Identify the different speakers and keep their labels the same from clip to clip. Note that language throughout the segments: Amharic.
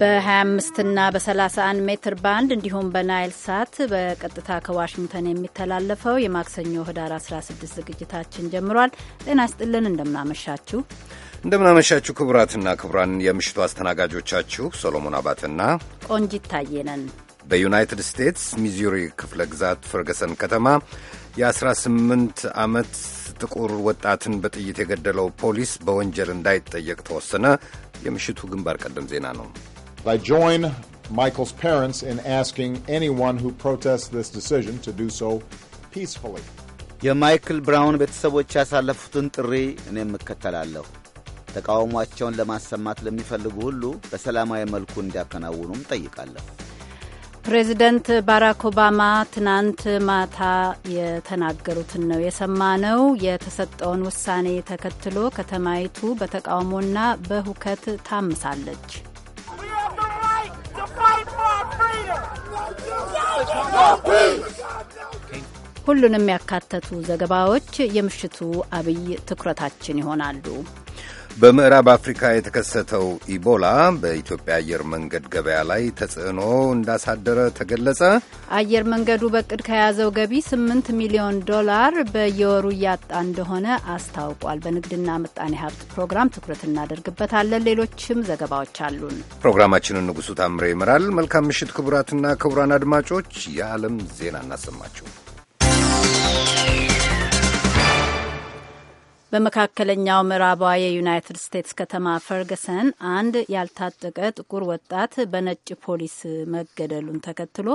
Speaker 1: በ25 እና በ31 ሜትር ባንድ እንዲሁም በናይል ሳት በቀጥታ ከዋሽንግተን የሚተላለፈው የማክሰኞ ህዳር 16 ዝግጅታችን ጀምሯል። ጤና ይስጥልን፣ እንደምናመሻችሁ
Speaker 2: እንደምናመሻችሁ ክቡራትና ክቡራን፣ የምሽቱ አስተናጋጆቻችሁ ሶሎሞን አባትና
Speaker 1: ቆንጂት ታዬ ነን።
Speaker 2: በዩናይትድ ስቴትስ ሚዙሪ ክፍለ ግዛት ፈርገሰን ከተማ የ18 ዓመት ጥቁር ወጣትን በጥይት የገደለው ፖሊስ በወንጀል እንዳይጠየቅ ተወሰነ። የምሽቱ ግንባር ቀደም ዜና ነው። I join Michael's parents in asking anyone who protests this decision to do so
Speaker 3: peacefully.
Speaker 4: የማይክል ብራውን ቤተሰቦች ያሳለፉትን ጥሪ እኔ እከተላለሁ። ተቃውሟቸውን ለማሰማት ለሚፈልጉ ሁሉ በሰላማዊ መልኩ እንዲያከናውኑም ጠይቃለሁ።
Speaker 1: ፕሬዚደንት ባራክ ኦባማ ትናንት ማታ የተናገሩትን ነው የሰማነው። የተሰጠውን ውሳኔ ተከትሎ ከተማይቱ በተቃውሞና በሁከት ታምሳለች። ሁሉንም ያካተቱ ዘገባዎች የምሽቱ አብይ ትኩረታችን ይሆናሉ።
Speaker 2: በምዕራብ አፍሪካ የተከሰተው ኢቦላ በኢትዮጵያ አየር መንገድ ገበያ ላይ ተጽዕኖ እንዳሳደረ ተገለጸ።
Speaker 1: አየር መንገዱ በቅድ ከያዘው ገቢ 8 ሚሊዮን ዶላር በየወሩ እያጣ እንደሆነ አስታውቋል። በንግድና ምጣኔ ሀብት ፕሮግራም ትኩረት እናደርግበታለን። ሌሎችም ዘገባዎች አሉን።
Speaker 2: ፕሮግራማችንን ንጉሱ ታምሬ ይመራል። መልካም ምሽት ክቡራትና ክቡራን አድማጮች፣ የዓለም ዜና እናሰማችሁ።
Speaker 1: በመካከለኛው ምዕራባዊ የዩናይትድ ስቴትስ ከተማ ፈርገሰን አንድ ያልታጠቀ ጥቁር ወጣት በነጭ ፖሊስ መገደሉን ተከትሎ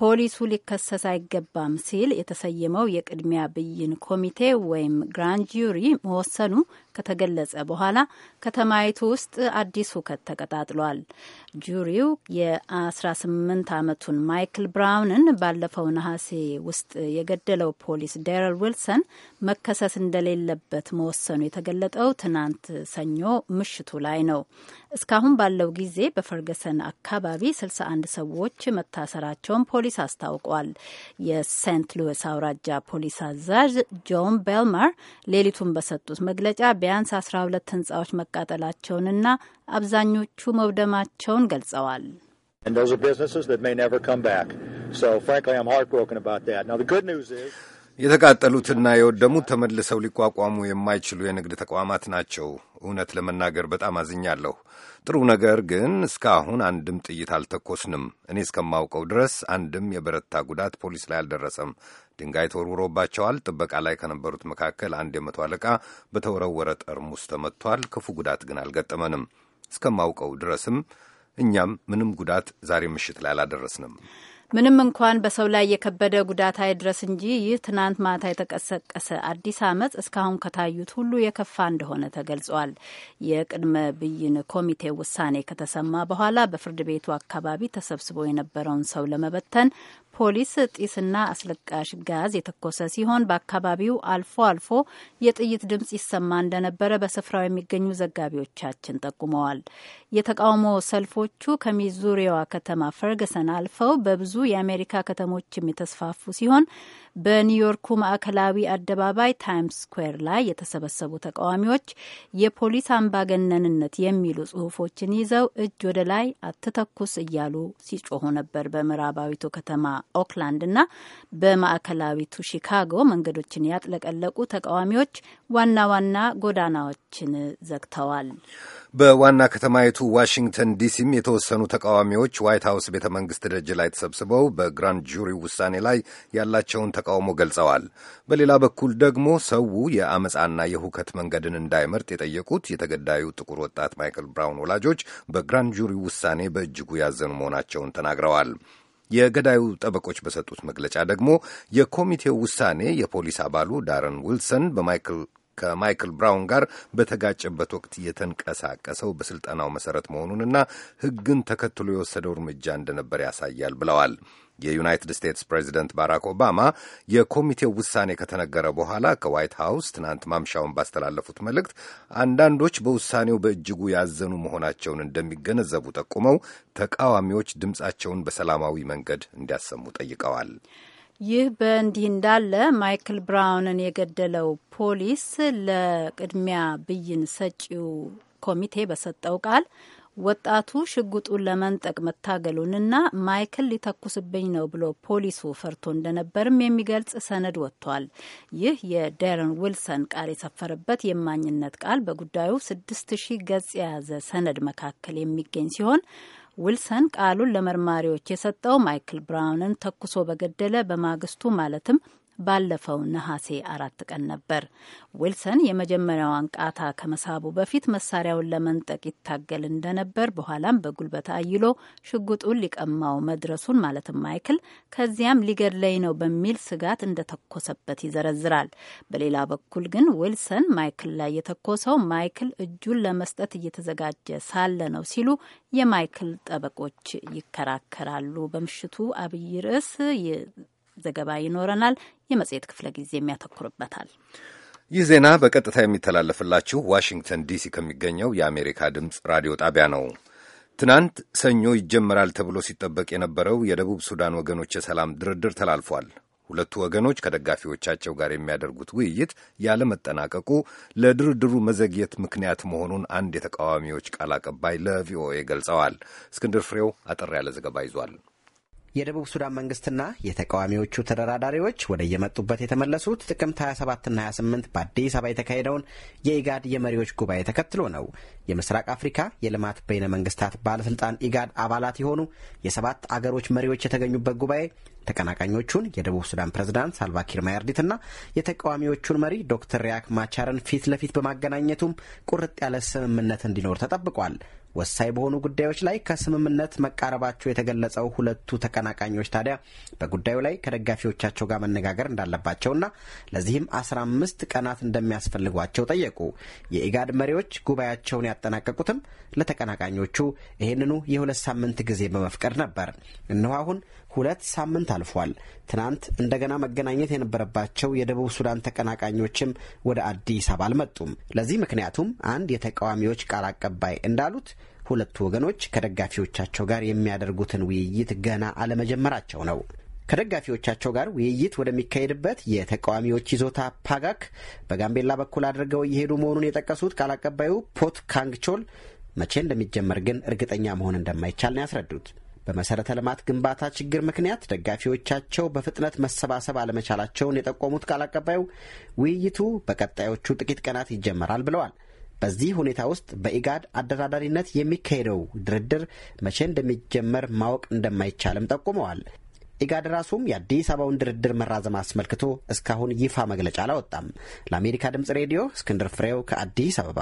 Speaker 1: ፖሊሱ ሊከሰስ አይገባም ሲል የተሰየመው የቅድሚያ ብይን ኮሚቴ ወይም ግራንድ ጁሪ መወሰኑ ከተገለጸ በኋላ ከተማይቱ ውስጥ አዲስ ሁከት ተቀጣጥሏል። ጁሪው የ18 ዓመቱን ማይክል ብራውንን ባለፈው ነሐሴ ውስጥ የገደለው ፖሊስ ዴረል ዊልሰን መከሰስ እንደሌለበት መወሰኑ የተገለጠው ትናንት ሰኞ ምሽቱ ላይ ነው። እስካሁን ባለው ጊዜ በፈርገሰን አካባቢ 61 ሰዎች መታሰራቸውን ፖሊስ አስታውቋል። የሴንት ሉዊስ አውራጃ ፖሊስ አዛዥ ጆን ቤልማር ሌሊቱን በሰጡት መግለጫ ቢያንስ 12 ህንጻዎች መቃጠላቸውንና አብዛኞቹ መውደማቸውን ገልጸዋል።
Speaker 2: የተቃጠሉትና የወደሙት ተመልሰው ሊቋቋሙ የማይችሉ የንግድ ተቋማት ናቸው። እውነት ለመናገር በጣም አዝኛለሁ። ጥሩ ነገር ግን እስካሁን አንድም ጥይት አልተኮስንም። እኔ እስከማውቀው ድረስ አንድም የበረታ ጉዳት ፖሊስ ላይ አልደረሰም። ድንጋይ ተወርውሮባቸዋል። ጥበቃ ላይ ከነበሩት መካከል አንድ የመቶ አለቃ በተወረወረ ጠርሙስ ተመቷል። ክፉ ጉዳት ግን አልገጠመንም። እስከማውቀው ድረስም እኛም ምንም ጉዳት ዛሬ ምሽት ላይ አላደረስንም።
Speaker 1: ምንም እንኳን በሰው ላይ የከበደ ጉዳት አይድረስ እንጂ ይህ ትናንት ማታ የተቀሰቀሰ አዲስ አመፅ እስካሁን ከታዩት ሁሉ የከፋ እንደሆነ ተገልጿል። የቅድመ ብይን ኮሚቴ ውሳኔ ከተሰማ በኋላ በፍርድ ቤቱ አካባቢ ተሰብስቦ የነበረውን ሰው ለመበተን ፖሊስ ጢስና አስለቃሽ ጋዝ የተኮሰ ሲሆን በአካባቢው አልፎ አልፎ የጥይት ድምጽ ይሰማ እንደነበረ በስፍራው የሚገኙ ዘጋቢዎቻችን ጠቁመዋል። የተቃውሞ ሰልፎቹ ከሚዙሪዋ ከተማ ፈርገሰን አልፈው በብዙ የአሜሪካ ከተሞችም የተስፋፉ ሲሆን በኒውዮርኩ ማዕከላዊ አደባባይ ታይምስ ስኩዌር ላይ የተሰበሰቡ ተቃዋሚዎች የፖሊስ አምባገነንነት የሚሉ ጽሁፎችን ይዘው እጅ ወደ ላይ አትተኩስ እያሉ ሲጮሁ ነበር በምዕራባዊቱ ከተማ ኦክላንድ እና በማዕከላዊቱ ሺካጎ መንገዶችን ያጥለቀለቁ ተቃዋሚዎች ዋና ዋና ጎዳናዎችን ዘግተዋል።
Speaker 2: በዋና ከተማይቱ ዋሽንግተን ዲሲም የተወሰኑ ተቃዋሚዎች ዋይት ሀውስ ቤተ መንግስት ደጅ ላይ ተሰብስበው በግራንድ ጁሪው ውሳኔ ላይ ያላቸውን ተቃውሞ ገልጸዋል። በሌላ በኩል ደግሞ ሰው የአመፃና የሁከት መንገድን እንዳይመርጥ የጠየቁት የተገዳዩ ጥቁር ወጣት ማይክል ብራውን ወላጆች በግራንድ ጁሪው ውሳኔ በእጅጉ ያዘኑ መሆናቸውን ተናግረዋል። የገዳዩ ጠበቆች በሰጡት መግለጫ ደግሞ የኮሚቴው ውሳኔ የፖሊስ አባሉ ዳረን ዊልሰን በማይክል ከማይክል ብራውን ጋር በተጋጨበት ወቅት የተንቀሳቀሰው በስልጠናው መሰረት መሆኑንና ሕግን ተከትሎ የወሰደው እርምጃ እንደነበር ያሳያል ብለዋል። የዩናይትድ ስቴትስ ፕሬዚደንት ባራክ ኦባማ የኮሚቴው ውሳኔ ከተነገረ በኋላ ከዋይት ሃውስ ትናንት ማምሻውን ባስተላለፉት መልእክት አንዳንዶች በውሳኔው በእጅጉ ያዘኑ መሆናቸውን እንደሚገነዘቡ ጠቁመው ተቃዋሚዎች ድምፃቸውን በሰላማዊ መንገድ እንዲያሰሙ ጠይቀዋል።
Speaker 1: ይህ በእንዲህ እንዳለ ማይክል ብራውንን የገደለው ፖሊስ ለቅድሚያ ብይን ሰጪው ኮሚቴ በሰጠው ቃል ወጣቱ ሽጉጡን ለመንጠቅ መታገሉንና ማይክል ሊተኩስብኝ ነው ብሎ ፖሊሱ ፈርቶ እንደነበርም የሚገልጽ ሰነድ ወጥቷል። ይህ የደረን ዊልሰን ቃል የሰፈረበት የማኝነት ቃል በጉዳዩ ስድስት ሺህ ገጽ የያዘ ሰነድ መካከል የሚገኝ ሲሆን ዊልሰን ቃሉን ለመርማሪዎች የሰጠው ማይክል ብራውንን ተኩሶ በገደለ በማግስቱ ማለትም ባለፈው ነሐሴ አራት ቀን ነበር። ዊልሰን የመጀመሪያዋን ቃታ ከመሳቡ በፊት መሳሪያውን ለመንጠቅ ይታገል እንደነበር፣ በኋላም በጉልበት አይሎ ሽጉጡን ሊቀማው መድረሱን ማለትም ማይክል ከዚያም ሊገድለኝ ነው በሚል ስጋት እንደተኮሰበት ይዘረዝራል። በሌላ በኩል ግን ዊልሰን ማይክል ላይ የተኮሰው ማይክል እጁን ለመስጠት እየተዘጋጀ ሳለ ነው ሲሉ የማይክል ጠበቆች ይከራከራሉ። በምሽቱ አብይ ርዕስ ዘገባ ይኖረናል። የመጽሔት ክፍለ ጊዜም ያተኩርበታል።
Speaker 2: ይህ ዜና በቀጥታ የሚተላለፍላችሁ ዋሽንግተን ዲሲ ከሚገኘው የአሜሪካ ድምፅ ራዲዮ ጣቢያ ነው። ትናንት ሰኞ ይጀመራል ተብሎ ሲጠበቅ የነበረው የደቡብ ሱዳን ወገኖች የሰላም ድርድር ተላልፏል። ሁለቱ ወገኖች ከደጋፊዎቻቸው ጋር የሚያደርጉት ውይይት ያለመጠናቀቁ ለድርድሩ መዘግየት ምክንያት መሆኑን አንድ የተቃዋሚዎች ቃል አቀባይ ለቪኦኤ ገልጸዋል። እስክንድር ፍሬው አጠር ያለ ዘገባ ይዟል።
Speaker 5: የደቡብ ሱዳን መንግስትና የተቃዋሚዎቹ ተደራዳሪዎች ወደ የመጡበት የተመለሱት ጥቅምት 27ና 28 በአዲስ አበባ የተካሄደውን የኢጋድ የመሪዎች ጉባኤ ተከትሎ ነው። የምስራቅ አፍሪካ የልማት በይነ መንግስታት ባለስልጣን ኢጋድ አባላት የሆኑ የሰባት አገሮች መሪዎች የተገኙበት ጉባኤ ተቀናቃኞቹን የደቡብ ሱዳን ፕሬዝዳንት ሳልቫኪር እና የተቃዋሚዎቹን መሪ ዶክተር ሪያክ ማቻርን ፊት ለፊት በማገናኘቱም ቁርጥ ያለ ስምምነት እንዲኖር ተጠብቋል። ወሳኝ በሆኑ ጉዳዮች ላይ ከስምምነት መቃረባቸው የተገለጸው ሁለቱ ተቀናቃኞች ታዲያ በጉዳዩ ላይ ከደጋፊዎቻቸው ጋር መነጋገር እንዳለባቸውና ለዚህም አስራ አምስት ቀናት እንደሚያስፈልጓቸው ጠየቁ። የኢጋድ መሪዎች ጉባኤያቸውን ያጠናቀቁትም ለተቀናቃኞቹ ይህንኑ የሁለት ሳምንት ጊዜ በመፍቀድ ነበር። እነሆ አሁን ሁለት ሳምንት አልፏል። ትናንት እንደገና መገናኘት የነበረባቸው የደቡብ ሱዳን ተቀናቃኞችም ወደ አዲስ አበባ አልመጡም። ለዚህ ምክንያቱም አንድ የተቃዋሚዎች ቃል አቀባይ እንዳሉት ሁለቱ ወገኖች ከደጋፊዎቻቸው ጋር የሚያደርጉትን ውይይት ገና አለመጀመራቸው ነው። ከደጋፊዎቻቸው ጋር ውይይት ወደሚካሄድበት የተቃዋሚዎች ይዞታ ፓጋክ በጋምቤላ በኩል አድርገው እየሄዱ መሆኑን የጠቀሱት ቃል አቀባዩ ፖት ካንግቾል መቼ እንደሚጀመር ግን እርግጠኛ መሆን እንደማይቻል ነው ያስረዱት። በመሰረተ ልማት ግንባታ ችግር ምክንያት ደጋፊዎቻቸው በፍጥነት መሰባሰብ አለመቻላቸውን የጠቆሙት ቃል አቀባዩ ውይይቱ በቀጣዮቹ ጥቂት ቀናት ይጀመራል ብለዋል። በዚህ ሁኔታ ውስጥ በኢጋድ አደራዳሪነት የሚካሄደው ድርድር መቼ እንደሚጀመር ማወቅ እንደማይቻልም ጠቁመዋል። ኢጋድ ራሱም የአዲስ አበባውን ድርድር መራዘም አስመልክቶ እስካሁን ይፋ መግለጫ አላወጣም። ለአሜሪካ ድምጽ ሬዲዮ እስክንድር ፍሬው ከአዲስ አበባ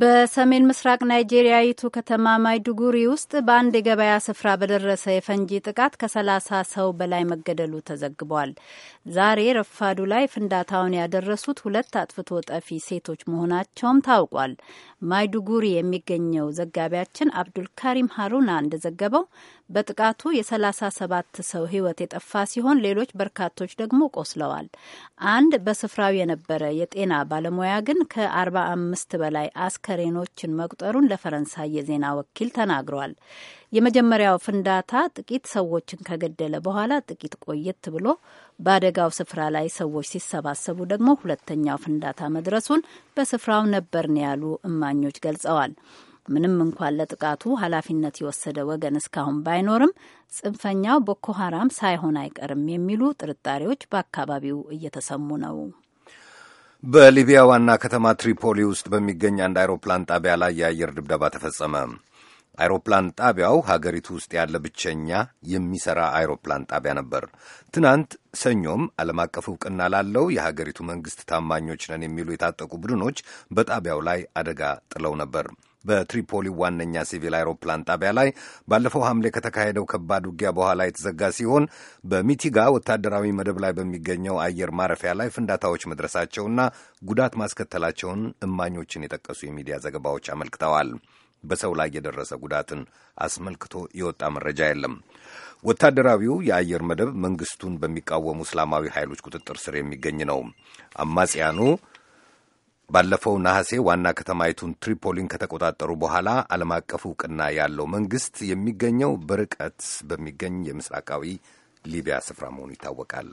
Speaker 1: በሰሜን ምስራቅ ናይጄሪያዊቱ ከተማ ማይዱጉሪ ውስጥ በአንድ የገበያ ስፍራ በደረሰ የፈንጂ ጥቃት ከሰላሳ ሰው በላይ መገደሉ ተዘግቧል። ዛሬ ረፋዱ ላይ ፍንዳታውን ያደረሱት ሁለት አጥፍቶ ጠፊ ሴቶች መሆናቸውም ታውቋል። ማይዱጉሪ የሚገኘው ዘጋቢያችን አብዱልካሪም ሀሩና እንደዘገበው በጥቃቱ የ37 ሰው ህይወት የጠፋ ሲሆን ሌሎች በርካቶች ደግሞ ቆስለዋል። አንድ በስፍራው የነበረ የጤና ባለሙያ ግን ከ45 በላይ አስከሬኖችን መቁጠሩን ለፈረንሳይ የዜና ወኪል ተናግሯል። የመጀመሪያው ፍንዳታ ጥቂት ሰዎችን ከገደለ በኋላ ጥቂት ቆየት ብሎ በአደጋው ስፍራ ላይ ሰዎች ሲሰባሰቡ ደግሞ ሁለተኛው ፍንዳታ መድረሱን በስፍራው ነበርን ያሉ እማኞች ገልጸዋል። ምንም እንኳን ለጥቃቱ ኃላፊነት የወሰደ ወገን እስካሁን ባይኖርም ጽንፈኛው ቦኮ ሀራም ሳይሆን አይቀርም የሚሉ ጥርጣሬዎች በአካባቢው እየተሰሙ ነው።
Speaker 2: በሊቢያ ዋና ከተማ ትሪፖሊ ውስጥ በሚገኝ አንድ አይሮፕላን ጣቢያ ላይ የአየር ድብደባ ተፈጸመ። አይሮፕላን ጣቢያው ሀገሪቱ ውስጥ ያለ ብቸኛ የሚሰራ አይሮፕላን ጣቢያ ነበር። ትናንት ሰኞም ዓለም አቀፍ እውቅና ላለው የሀገሪቱ መንግሥት ታማኞች ነን የሚሉ የታጠቁ ቡድኖች በጣቢያው ላይ አደጋ ጥለው ነበር። በትሪፖሊ ዋነኛ ሲቪል አይሮፕላን ጣቢያ ላይ ባለፈው ሐምሌ ከተካሄደው ከባድ ውጊያ በኋላ የተዘጋ ሲሆን በሚቲጋ ወታደራዊ መደብ ላይ በሚገኘው አየር ማረፊያ ላይ ፍንዳታዎች መድረሳቸውና ጉዳት ማስከተላቸውን እማኞችን የጠቀሱ የሚዲያ ዘገባዎች አመልክተዋል። በሰው ላይ የደረሰ ጉዳትን አስመልክቶ የወጣ መረጃ የለም። ወታደራዊው የአየር መደብ መንግስቱን በሚቃወሙ እስላማዊ ኃይሎች ቁጥጥር ስር የሚገኝ ነው። አማጽያኑ ባለፈው ነሐሴ ዋና ከተማይቱን ትሪፖሊን ከተቆጣጠሩ በኋላ ዓለም አቀፍ እውቅና ያለው መንግሥት የሚገኘው በርቀት በሚገኝ የምስራቃዊ ሊቢያ ስፍራ መሆኑ ይታወቃል።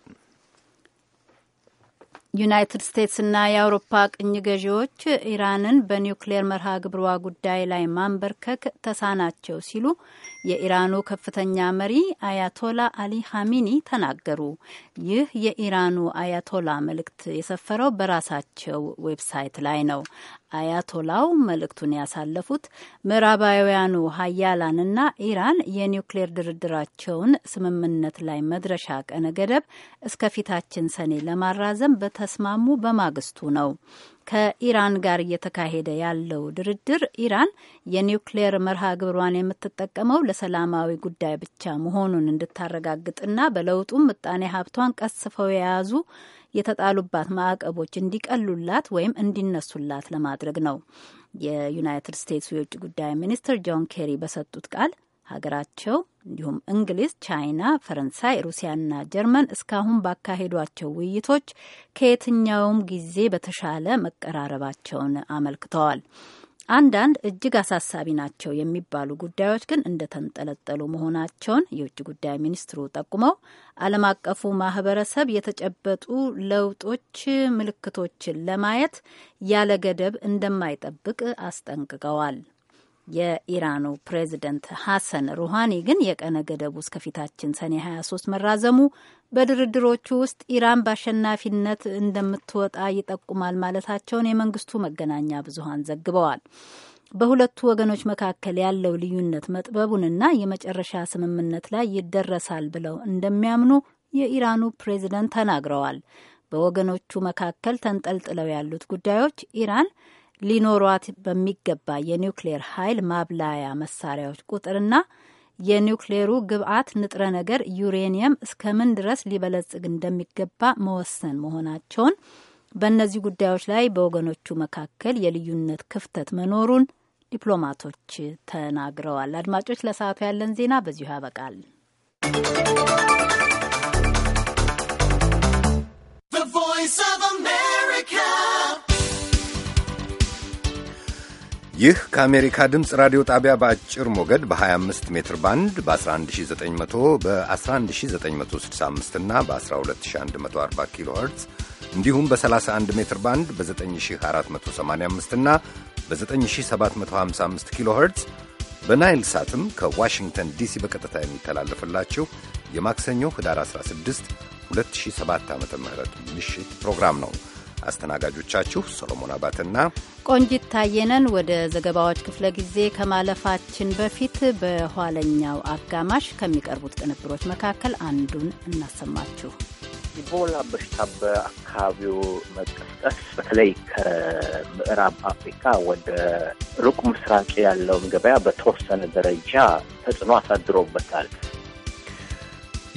Speaker 1: ዩናይትድ ስቴትስና የአውሮፓ ቅኝ ገዢዎች ኢራንን በኒውክሌር መርሃ ግብሯ ጉዳይ ላይ ማንበርከክ ተሳናቸው ሲሉ የኢራኑ ከፍተኛ መሪ አያቶላ አሊ ሀሚኒ ተናገሩ። ይህ የኢራኑ አያቶላ መልእክት የሰፈረው በራሳቸው ዌብሳይት ላይ ነው። አያቶላው መልእክቱን ያሳለፉት ምዕራባውያኑ ሀያላንና ኢራን የኒውክሌር ድርድራቸውን ስምምነት ላይ መድረሻ ቀነ ገደብ እስከፊታችን ሰኔ ለማራዘም በተስማሙ በማግስቱ ነው። ከኢራን ጋር እየተካሄደ ያለው ድርድር ኢራን የኒውክሌር መርሃ ግብሯን የምትጠቀመው ለሰላማዊ ጉዳይ ብቻ መሆኑን እንድታረጋግጥና በለውጡም ምጣኔ ሀብቷን ቀስፈው የያዙ የተጣሉባት ማዕቀቦች እንዲቀሉላት ወይም እንዲነሱላት ለማድረግ ነው። የዩናይትድ ስቴትስ የውጭ ጉዳይ ሚኒስትር ጆን ኬሪ በሰጡት ቃል ሀገራቸው እንዲሁም እንግሊዝ፣ ቻይና፣ ፈረንሳይ፣ ሩሲያና ጀርመን እስካሁን ባካሄዷቸው ውይይቶች ከየትኛውም ጊዜ በተሻለ መቀራረባቸውን አመልክተዋል። አንዳንድ እጅግ አሳሳቢ ናቸው የሚባሉ ጉዳዮች ግን እንደተንጠለጠሉ መሆናቸውን የውጭ ጉዳይ ሚኒስትሩ ጠቁመው ዓለም አቀፉ ማህበረሰብ የተጨበጡ ለውጦች ምልክቶችን ለማየት ያለ ገደብ እንደማይጠብቅ አስጠንቅቀዋል። የኢራኑ ፕሬዚደንት ሐሰን ሩሃኒ ግን የቀነ ገደቡ እስከ ሰኔ 23 መራዘሙ በድርድሮቹ ውስጥ ኢራን በአሸናፊነት እንደምትወጣ ይጠቁማል ማለታቸውን የመንግስቱ መገናኛ ብዙሃን ዘግበዋል። በሁለቱ ወገኖች መካከል ያለው ልዩነት መጥበቡንና የመጨረሻ ስምምነት ላይ ይደረሳል ብለው እንደሚያምኑ የኢራኑ ፕሬዚደንት ተናግረዋል። በወገኖቹ መካከል ተንጠልጥለው ያሉት ጉዳዮች ኢራን ሊኖሯት በሚገባ የኒውክሌር ኃይል ማብላያ መሳሪያዎች ቁጥርና የኒውክሌሩ ግብአት ንጥረ ነገር ዩሬኒየም እስከምን ድረስ ሊበለጽግ እንደሚገባ መወሰን መሆናቸውን በእነዚህ ጉዳዮች ላይ በወገኖቹ መካከል የልዩነት ክፍተት መኖሩን ዲፕሎማቶች ተናግረዋል። አድማጮች፣ ለሰዓቱ ያለን ዜና በዚሁ ያበቃል።
Speaker 2: ይህ ከአሜሪካ ድምፅ ራዲዮ ጣቢያ በአጭር ሞገድ በ25 ሜትር ባንድ በ11900 በ11965 እና በ12140 ኪሎ ኸርትዝ እንዲሁም በ31 ሜትር ባንድ በ9485 እና በ9755 ኪሎ ኸርትዝ በናይል ሳትም ከዋሽንግተን ዲሲ በቀጥታ የሚተላለፍላችሁ የማክሰኞ ህዳር 16 2007 ዓ ም ምሽት ፕሮግራም ነው። አስተናጋጆቻችሁ ሰሎሞን አባትና
Speaker 1: ቆንጂት ታየነን። ወደ ዘገባዎች ክፍለ ጊዜ ከማለፋችን በፊት በኋለኛው አጋማሽ ከሚቀርቡት ቅንብሮች መካከል አንዱን እናሰማችሁ።
Speaker 6: ኢቦላ በሽታ በአካባቢው መቀስቀስ በተለይ ከምዕራብ አፍሪካ ወደ ሩቅ ምስራቅ ያለውን ገበያ በተወሰነ ደረጃ ተጽዕኖ አሳድሮበታል።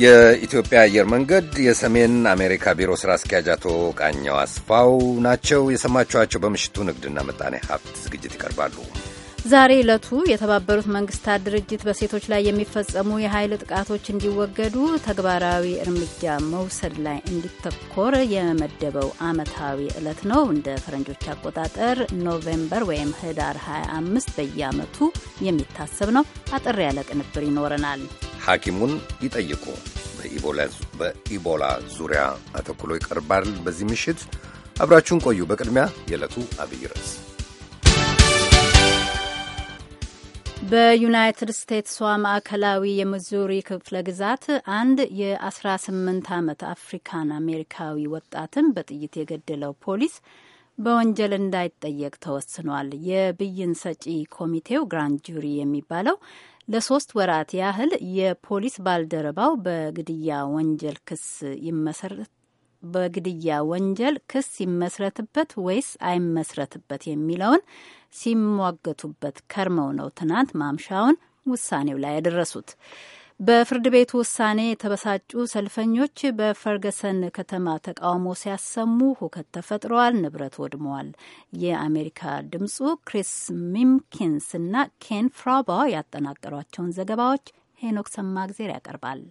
Speaker 2: የኢትዮጵያ አየር መንገድ የሰሜን አሜሪካ ቢሮ ሥራ አስኪያጅ አቶ ቃኛው አስፋው ናቸው የሰማችኋቸው። በምሽቱ ንግድና ምጣኔ ሀብት ዝግጅት ይቀርባሉ።
Speaker 1: ዛሬ ዕለቱ የተባበሩት መንግስታት ድርጅት በሴቶች ላይ የሚፈጸሙ የኃይል ጥቃቶች እንዲወገዱ ተግባራዊ እርምጃ መውሰድ ላይ እንዲተኮር የመደበው ዓመታዊ ዕለት ነው። እንደ ፈረንጆች አቆጣጠር ኖቬምበር ወይም ህዳር 25 በየዓመቱ የሚታሰብ ነው። አጠር ያለ ቅንብር ይኖረናል።
Speaker 2: ሐኪሙን ይጠይቁ በኢቦላ ዙሪያ አተኩሎ ይቀርባል። በዚህ ምሽት አብራችሁን ቆዩ። በቅድሚያ የዕለቱ አብይ ርዕስ
Speaker 1: በዩናይትድ ስቴትስዋ ማዕከላዊ የሚዙሪ ክፍለ ግዛት አንድ የ18 ዓመት አፍሪካን አሜሪካዊ ወጣትን በጥይት የገደለው ፖሊስ በወንጀል እንዳይጠየቅ ተወስኗል። የብይን ሰጪ ኮሚቴው ግራንድ ጁሪ የሚባለው ለሶስት ወራት ያህል የፖሊስ ባልደረባው በግድያ ወንጀል ክስ ይመሰረት በግድያ ወንጀል ክስ ይመስረትበት ወይስ አይመስረትበት የሚለውን ሲሟገቱበት ከርመው ነው ትናንት ማምሻውን ውሳኔው ላይ ያደረሱት። በፍርድ ቤት ውሳኔ የተበሳጩ ሰልፈኞች በፈርገሰን ከተማ ተቃውሞ ሲያሰሙ ሁከት ተፈጥረዋል፣ ንብረት ወድመዋል። የአሜሪካ ድምጹ ክሪስ ሚምኪንስ እና ኬን ፍራባ ያጠናቀሯቸውን ዘገባዎች ሄኖክ ሰማግዜር ያቀርባል።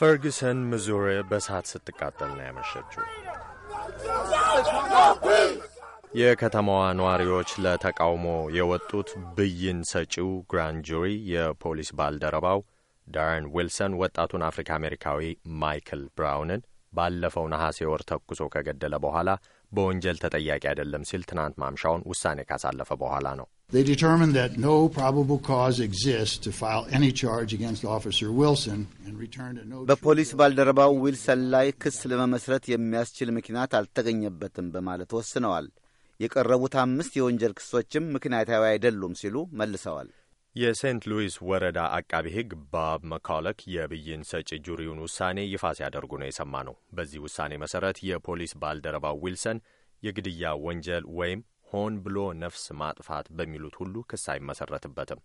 Speaker 7: ፈርጉሰን ሚዙሪ በእሳት ስትቃጠል ነው ያመሸችው። የከተማዋ ነዋሪዎች ለተቃውሞ የወጡት ብይን ሰጪው ግራንድ ጁሪ የፖሊስ ባልደረባው ዳርን ዊልሰን ወጣቱን አፍሪካ አሜሪካዊ ማይክል ብራውንን ባለፈው ነሐሴ ወር ተኩሶ ከገደለ በኋላ በወንጀል ተጠያቂ አይደለም ሲል ትናንት ማምሻውን ውሳኔ ካሳለፈ በኋላ ነው።
Speaker 3: They determined that no probable cause exists to file any charge against Officer Wilson and
Speaker 4: returned a note. በፖሊስ ባልደረባው ዊልሰን ላይ ክስ ለመመስረት የሚያስችል ምክንያት አልተገኘበትም በማለት ወስነዋል። የቀረቡት አምስት የወንጀል ክሶችም ምክንያታዊ አይደሉም ሲሉ
Speaker 7: መልሰዋል። የሴንት ሉዊስ ወረዳ አቃቢ ሕግ ባብ መካለክ የብይን ሰጪ ጁሪውን ውሳኔ ይፋ ሲያደርጉ ነው የሰማ ነው። በዚህ ውሳኔ መሰረት የፖሊስ ባልደረባው ዊልሰን የግድያ ወንጀል ወይም ሆን ብሎ ነፍስ ማጥፋት በሚሉት ሁሉ ክስ አይመሰረትበትም።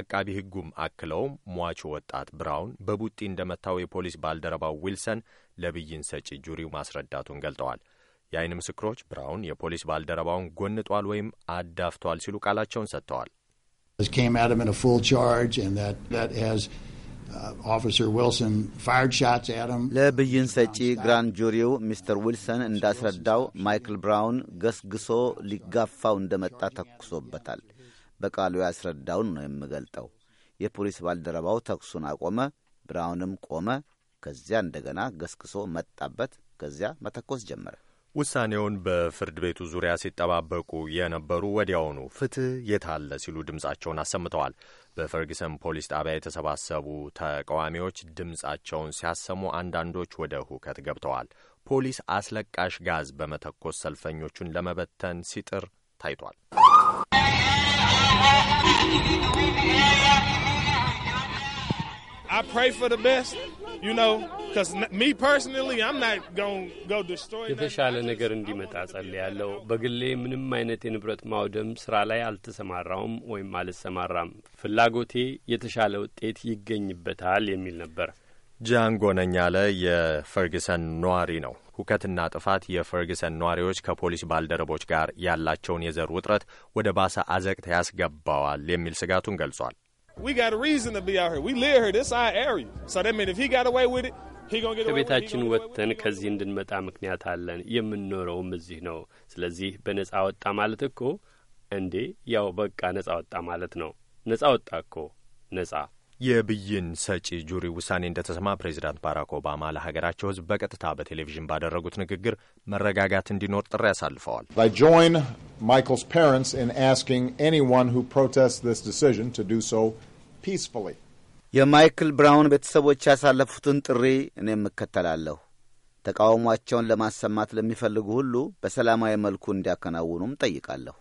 Speaker 7: አቃቢ ሕጉም አክለውም ሟቹ ወጣት ብራውን በቡጢ እንደመታው የፖሊስ ባልደረባው ዊልሰን ለብይን ሰጪ ጁሪው ማስረዳቱን ገልጠዋል። የአይን ምስክሮች ብራውን የፖሊስ ባልደረባውን ጎንጧል ወይም አዳፍቷል ሲሉ ቃላቸውን ሰጥተዋል።
Speaker 3: Uh,
Speaker 4: ለብይን ሰጪ ግራንድ ጁሪው ሚስተር ዊልሰን እንዳስረዳው ማይክል ብራውን ገስግሶ ሊጋፋው እንደመጣ ተኩሶበታል። በቃሉ ያስረዳውን ነው የምገልጠው። የፖሊስ ባልደረባው ተኩሱን አቆመ፣ ብራውንም ቆመ። ከዚያ እንደገና ገስግሶ መጣበት። ከዚያ መተኮስ ጀመረ።
Speaker 7: ውሳኔውን በፍርድ ቤቱ ዙሪያ ሲጠባበቁ የነበሩ ወዲያውኑ ፍትህ የታለ ሲሉ ድምጻቸውን አሰምተዋል። በፈርግሰን ፖሊስ ጣቢያ የተሰባሰቡ ተቃዋሚዎች ድምጻቸውን ሲያሰሙ አንዳንዶች ወደ ሁከት ገብተዋል። ፖሊስ አስለቃሽ ጋዝ በመተኮስ ሰልፈኞቹን ለመበተን ሲጥር ታይቷል።
Speaker 8: I pray for the best.
Speaker 9: የተሻለ ነገር እንዲመጣ ጸልያለሁ። በግሌ ምንም አይነት የንብረት ማውደም ስራ ላይ አልተሰማራውም ወይም አልሰማራም። ፍላጎቴ የተሻለ ውጤት ይገኝበታል የሚል ነበር።
Speaker 7: ጃንጎነኛ ለ የፈርግሰን ነዋሪ ነው። ሁከትና ጥፋት የፈርግሰን ነዋሪዎች ከፖሊስ ባልደረቦች ጋር ያላቸውን የዘር ውጥረት ወደ ባሰ አዘቅት ያስገባዋል የሚል ስጋቱን ገልጿል።
Speaker 8: we got a reason to be out here. We live here. This our area. So that means if he
Speaker 9: got away with it,
Speaker 10: ከቤታችን
Speaker 9: ወጥተን ከዚህ እንድንመጣ ምክንያት አለን። የምንኖረውም እዚህ ነው። ስለዚህ በነጻ ወጣ ማለት እኮ እንዴ ያው በቃ ነጻ ወጣ ማለት ነው። ነጻ ወጣ እኮ ነጻ
Speaker 7: የብይን ሰጪ ጁሪ ውሳኔ እንደተሰማ ፕሬዚዳንት ባራክ ኦባማ ለሀገራቸው ሕዝብ በቀጥታ በቴሌቪዥን ባደረጉት ንግግር መረጋጋት እንዲኖር ጥሪ አሳልፈዋል።
Speaker 3: I join Michael's parents in asking anyone who protests this decision to do so peacefully.
Speaker 4: የማይክል ብራውን ቤተሰቦች ያሳለፉትን ጥሪ እኔም እከተላለሁ። ተቃውሟቸውን ለማሰማት ለሚፈልጉ ሁሉ በሰላማዊ መልኩ እንዲያከናውኑም ጠይቃለሁ።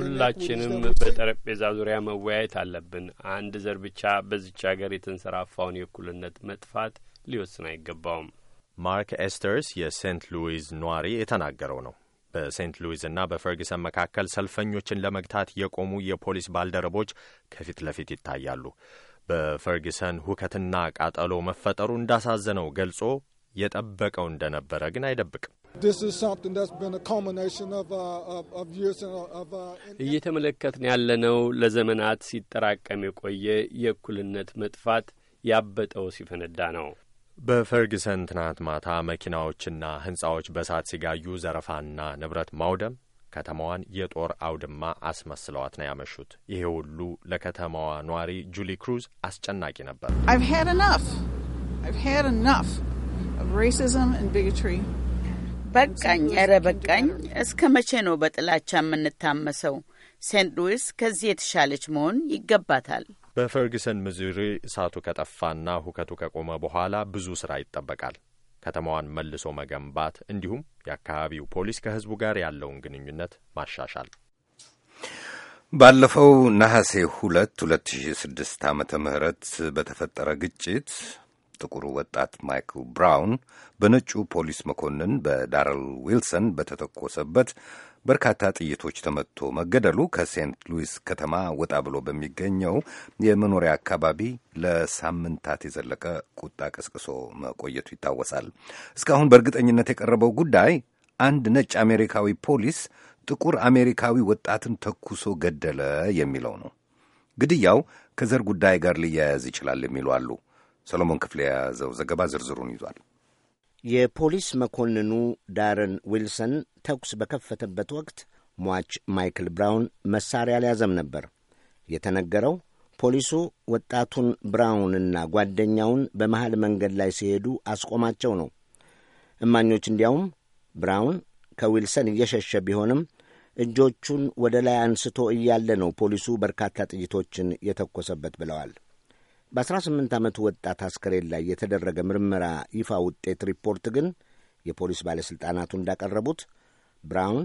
Speaker 3: ሁላችንም
Speaker 4: በጠረጴዛ
Speaker 9: ዙሪያ መወያየት አለብን። አንድ ዘር ብቻ በዚች ሀገር የተንሰራፋውን የእኩልነት
Speaker 7: መጥፋት ሊወስን አይገባውም። ማርክ ኤስተርስ የሴንት ሉዊዝ ነዋሪ የተናገረው ነው። በሴንት ሉዊስና በፈርግሰን መካከል ሰልፈኞችን ለመግታት የቆሙ የፖሊስ ባልደረቦች ከፊት ለፊት ይታያሉ። በፈርግሰን ሁከትና ቃጠሎ መፈጠሩ እንዳሳዘነው ገልጾ የጠበቀው እንደነበረ ግን አይደብቅም። uh,
Speaker 3: uh, uh,
Speaker 7: እየተመለከትን ያለነው
Speaker 9: ለዘመናት ሲጠራቀም የቆየ የእኩልነት መጥፋት ያበጠው ሲፈነዳ ነው።
Speaker 7: በፈርግሰን ትናንት ማታ መኪናዎችና ሕንፃዎች በሳት ሲጋዩ ዘረፋና ንብረት ማውደም ከተማዋን የጦር አውድማ አስመስለዋት ነው ያመሹት። ይሄ ሁሉ ለከተማዋ ኗሪ ጁሊ ክሩዝ አስጨናቂ ነበር።
Speaker 1: በቃኝ፣
Speaker 4: ኧረ በቃኝ። እስከ መቼ ነው በጥላቻ የምንታመሰው? ሴንት ሉዊስ ከዚህ የተሻለች መሆን ይገባታል።
Speaker 7: በፈርግሰን ሚዙሪ እሳቱ ከጠፋና ሁከቱ ከቆመ በኋላ ብዙ ስራ ይጠበቃል። ከተማዋን መልሶ መገንባት እንዲሁም የአካባቢው ፖሊስ ከህዝቡ ጋር ያለውን ግንኙነት ማሻሻል።
Speaker 2: ባለፈው ነሐሴ ሁለት ሁለት ሺ ስድስት ዓመተ ምህረት በተፈጠረ ግጭት ጥቁሩ ወጣት ማይክል ብራውን በነጩ ፖሊስ መኮንን በዳረል ዊልሰን በተተኮሰበት በርካታ ጥይቶች ተመትቶ መገደሉ ከሴንት ሉዊስ ከተማ ወጣ ብሎ በሚገኘው የመኖሪያ አካባቢ ለሳምንታት የዘለቀ ቁጣ ቀስቅሶ መቆየቱ ይታወሳል። እስካሁን በእርግጠኝነት የቀረበው ጉዳይ አንድ ነጭ አሜሪካዊ ፖሊስ ጥቁር አሜሪካዊ ወጣትን ተኩሶ ገደለ የሚለው ነው። ግድያው ከዘር ጉዳይ ጋር ሊያያዝ ይችላል የሚሉ አሉ። ሰሎሞን ክፍሌ የያዘው ዘገባ ዝርዝሩን ይዟል።
Speaker 10: የፖሊስ መኮንኑ ዳረን ዊልሰን ተኩስ በከፈተበት ወቅት ሟች ማይክል ብራውን መሳሪያ ሊያዘም ነበር የተነገረው። ፖሊሱ ወጣቱን ብራውንና ጓደኛውን በመሃል መንገድ ላይ ሲሄዱ አስቆማቸው ነው። እማኞች እንዲያውም ብራውን ከዊልሰን እየሸሸ ቢሆንም እጆቹን ወደ ላይ አንስቶ እያለ ነው ፖሊሱ በርካታ ጥይቶችን የተኮሰበት ብለዋል። በ18 ዓመቱ ወጣት አስከሬን ላይ የተደረገ ምርመራ ይፋ ውጤት ሪፖርት ግን የፖሊስ ባለሥልጣናቱ እንዳቀረቡት ብራውን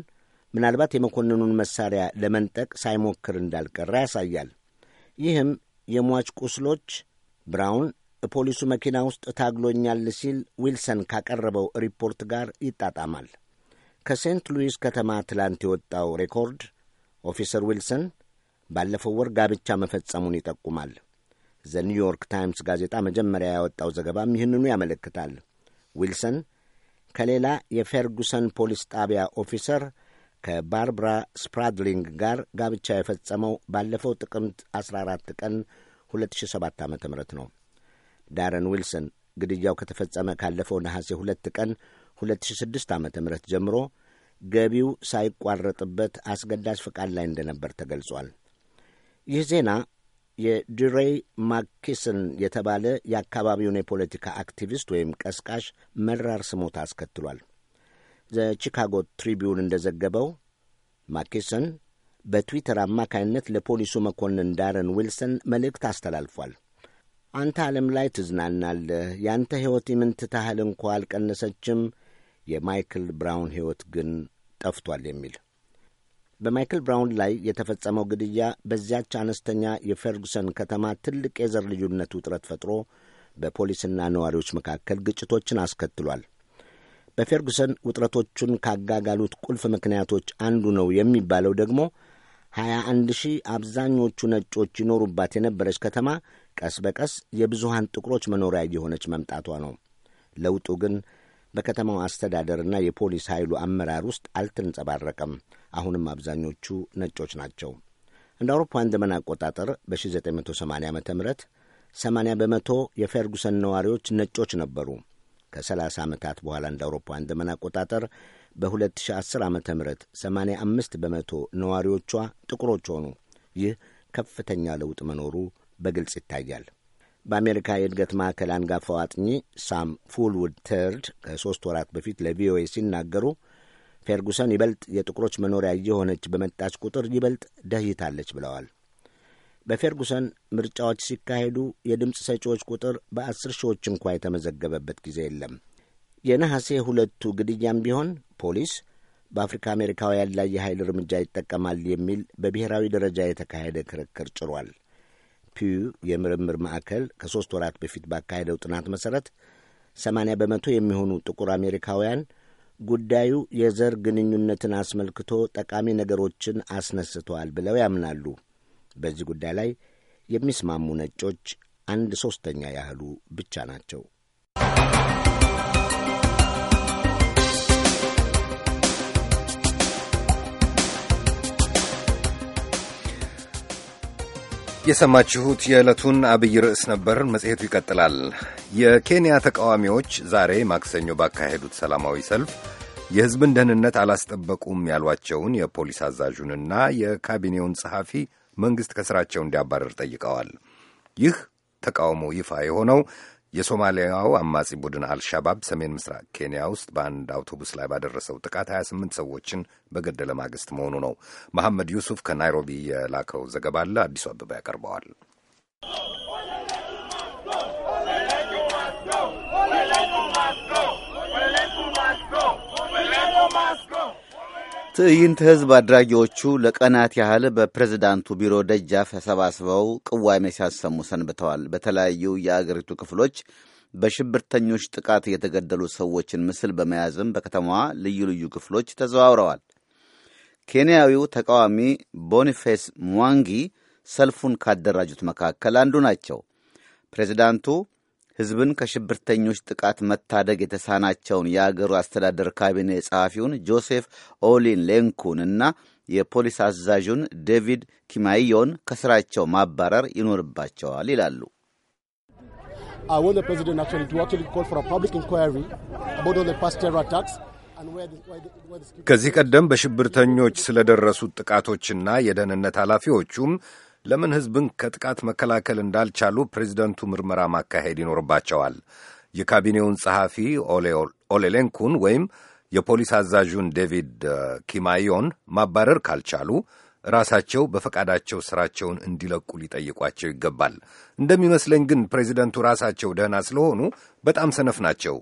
Speaker 10: ምናልባት የመኮንኑን መሳሪያ ለመንጠቅ ሳይሞክር እንዳልቀረ ያሳያል። ይህም የሟች ቁስሎች ብራውን ፖሊሱ መኪና ውስጥ ታግሎኛል ሲል ዊልሰን ካቀረበው ሪፖርት ጋር ይጣጣማል። ከሴንት ሉዊስ ከተማ ትላንት የወጣው ሬኮርድ ኦፊሰር ዊልሰን ባለፈው ወር ጋብቻ መፈጸሙን ይጠቁማል። ዘ ኒውዮርክ ታይምስ ጋዜጣ መጀመሪያ ያወጣው ዘገባም ይህንኑ ያመለክታል። ዊልሰን ከሌላ የፌርጉሰን ፖሊስ ጣቢያ ኦፊሰር ከባርብራ ስፕራድሊንግ ጋር ጋብቻ የፈጸመው ባለፈው ጥቅምት 14 ቀን 2007 ዓ ም ነው። ዳረን ዊልሰን ግድያው ከተፈጸመ ካለፈው ነሐሴ ሁለት ቀን 2006 ዓ ም ጀምሮ ገቢው ሳይቋረጥበት አስገዳጅ ፈቃድ ላይ እንደነበር ተገልጿል። ይህ ዜና የድሬይ ማኪስን የተባለ የአካባቢውን የፖለቲካ አክቲቪስት ወይም ቀስቃሽ መራር ስሞታ አስከትሏል። ዘቺካጎ ትሪቢዩን እንደዘገበው ማኪስን በትዊተር አማካይነት ለፖሊሱ መኮንን ዳረን ዊልሰን መልእክት አስተላልፏል። አንተ ዓለም ላይ ትዝናናለህ፣ ያንተ ሕይወት የምንትታህል እንኳ አልቀነሰችም፣ የማይክል ብራውን ሕይወት ግን ጠፍቷል የሚል በማይክል ብራውን ላይ የተፈጸመው ግድያ በዚያች አነስተኛ የፌርጉሰን ከተማ ትልቅ የዘር ልዩነት ውጥረት ፈጥሮ በፖሊስና ነዋሪዎች መካከል ግጭቶችን አስከትሏል። በፌርጉሰን ውጥረቶቹን ካጋጋሉት ቁልፍ ምክንያቶች አንዱ ነው የሚባለው ደግሞ ሀያ አንድ ሺህ አብዛኞቹ ነጮች ይኖሩባት የነበረች ከተማ ቀስ በቀስ የብዙሃን ጥቁሮች መኖሪያ የሆነች መምጣቷ ነው። ለውጡ ግን በከተማው አስተዳደርና የፖሊስ ኃይሉ አመራር ውስጥ አልተንጸባረቀም። አሁንም አብዛኞቹ ነጮች ናቸው። እንደ አውሮፓውያን ዘመን አቆጣጠር በ1980 ዓ ም 80 በመቶ የፌርጉሰን ነዋሪዎች ነጮች ነበሩ። ከ30 ዓመታት በኋላ እንደ አውሮፓውያን ዘመን አቆጣጠር በ2010 ዓ ም 85 በመቶ ነዋሪዎቿ ጥቁሮች ሆኑ። ይህ ከፍተኛ ለውጥ መኖሩ በግልጽ ይታያል። በአሜሪካ የእድገት ማዕከል አንጋፋው አጥኚ ሳም ፉልውድ ተርድ ከሦስት ወራት በፊት ለቪኦኤ ሲናገሩ ፌርጉሰን ይበልጥ የጥቁሮች መኖሪያ እየሆነች በመጣች ቁጥር ይበልጥ ደህይታለች ብለዋል። በፌርጉሰን ምርጫዎች ሲካሄዱ የድምፅ ሰጪዎች ቁጥር በአስር ሺዎች እንኳ የተመዘገበበት ጊዜ የለም። የነሐሴ ሁለቱ ግድያም ቢሆን ፖሊስ በአፍሪካ አሜሪካውያን ላይ የኃይል እርምጃ ይጠቀማል የሚል በብሔራዊ ደረጃ የተካሄደ ክርክር ጭሯል። ፒዩ የምርምር ማዕከል ከሦስት ወራት በፊት ባካሄደው ጥናት መሠረት 80 በመቶ የሚሆኑ ጥቁር አሜሪካውያን ጉዳዩ የዘር ግንኙነትን አስመልክቶ ጠቃሚ ነገሮችን አስነስተዋል ብለው ያምናሉ። በዚህ ጉዳይ ላይ የሚስማሙ ነጮች አንድ ሦስተኛ ያህሉ ብቻ ናቸው።
Speaker 2: የሰማችሁት የዕለቱን አብይ ርዕስ ነበር። መጽሔቱ ይቀጥላል። የኬንያ ተቃዋሚዎች ዛሬ ማክሰኞ ባካሄዱት ሰላማዊ ሰልፍ የሕዝብን ደህንነት አላስጠበቁም ያሏቸውን የፖሊስ አዛዡንና የካቢኔውን ጸሐፊ መንግሥት ከሥራቸው እንዲያባረር ጠይቀዋል። ይህ ተቃውሞ ይፋ የሆነው የሶማሊያው አማጺ ቡድን አልሻባብ ሰሜን ምስራቅ ኬንያ ውስጥ በአንድ አውቶቡስ ላይ ባደረሰው ጥቃት 28 ሰዎችን በገደለ ማግስት መሆኑ ነው። መሐመድ ዩሱፍ ከናይሮቢ የላከው ዘገባ አለ። አዲሱ አበባ ያቀርበዋል።
Speaker 4: ትዕይንት ሕዝብ አድራጊዎቹ ለቀናት ያህል በፕሬዝዳንቱ ቢሮ ደጃፍ ተሰባስበው ቅዋሜ ሲያሰሙ ሰንብተዋል። በተለያዩ የአገሪቱ ክፍሎች በሽብርተኞች ጥቃት የተገደሉ ሰዎችን ምስል በመያዝም በከተማዋ ልዩ ልዩ ክፍሎች ተዘዋውረዋል። ኬንያዊው ተቃዋሚ ቦኒፌስ ሙዋንጊ ሰልፉን ካደራጁት መካከል አንዱ ናቸው። ፕሬዚዳንቱ ሕዝብን ከሽብርተኞች ጥቃት መታደግ የተሳናቸውን የአገሩ አስተዳደር ካቢኔ ጸሐፊውን ጆሴፍ ኦሊን ሌንኩን እና የፖሊስ አዛዡን ዴቪድ ኪማዮን ከስራቸው ማባረር ይኖርባቸዋል ይላሉ።
Speaker 3: uh,
Speaker 2: ከዚህ ቀደም በሽብርተኞች ስለደረሱት ጥቃቶችና የደህንነት ኃላፊዎቹም ለምን ሕዝብን ከጥቃት መከላከል እንዳልቻሉ ፕሬዚደንቱ ምርመራ ማካሄድ ይኖርባቸዋል። የካቢኔውን ጸሐፊ ኦሌሌንኩን ወይም የፖሊስ አዛዡን ዴቪድ ኪማዮን ማባረር ካልቻሉ ራሳቸው በፈቃዳቸው ስራቸውን እንዲለቁ ሊጠይቋቸው ይገባል። እንደሚመስለኝ ግን ፕሬዚደንቱ ራሳቸው ደህና ስለሆኑ በጣም ሰነፍ ናቸው።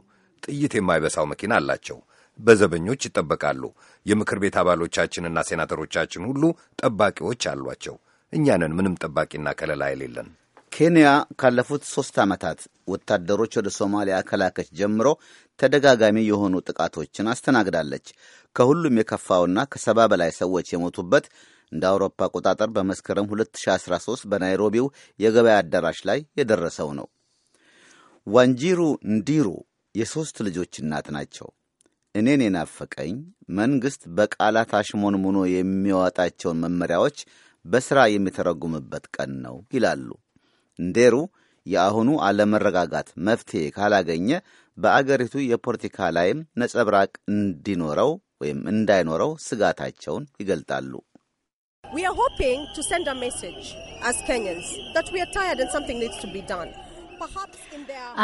Speaker 2: ጥይት የማይበሳው መኪና አላቸው። በዘበኞች ይጠበቃሉ። የምክር ቤት አባሎቻችንና ሴናተሮቻችን ሁሉ ጠባቂዎች አሏቸው። እኛንን ምንም ጠባቂና ከለላ የሌለን። ኬንያ ካለፉት ሦስት ዓመታት ወታደሮች ወደ
Speaker 4: ሶማሊያ ከላከች ጀምሮ ተደጋጋሚ የሆኑ ጥቃቶችን አስተናግዳለች። ከሁሉም የከፋውና ከሰባ በላይ ሰዎች የሞቱበት እንደ አውሮፓ አቆጣጠር በመስከረም 2013 በናይሮቢው የገበያ አዳራሽ ላይ የደረሰው ነው። ዋንጂሩ እንዲሩ የሦስት ልጆች እናት ናቸው። እኔን የናፈቀኝ መንግሥት በቃላት አሽሞንሙኖ የሚያወጣቸውን መመሪያዎች በሥራ የሚተረጉምበት ቀን ነው ይላሉ። እንዴሩ የአሁኑ አለመረጋጋት መፍትሔ ካላገኘ በአገሪቱ የፖለቲካ ላይም ነጸብራቅ እንዲኖረው ወይም እንዳይኖረው ስጋታቸውን ይገልጣሉ።
Speaker 1: We are hoping to send a message as Kenyans that we are tired and something needs to be done.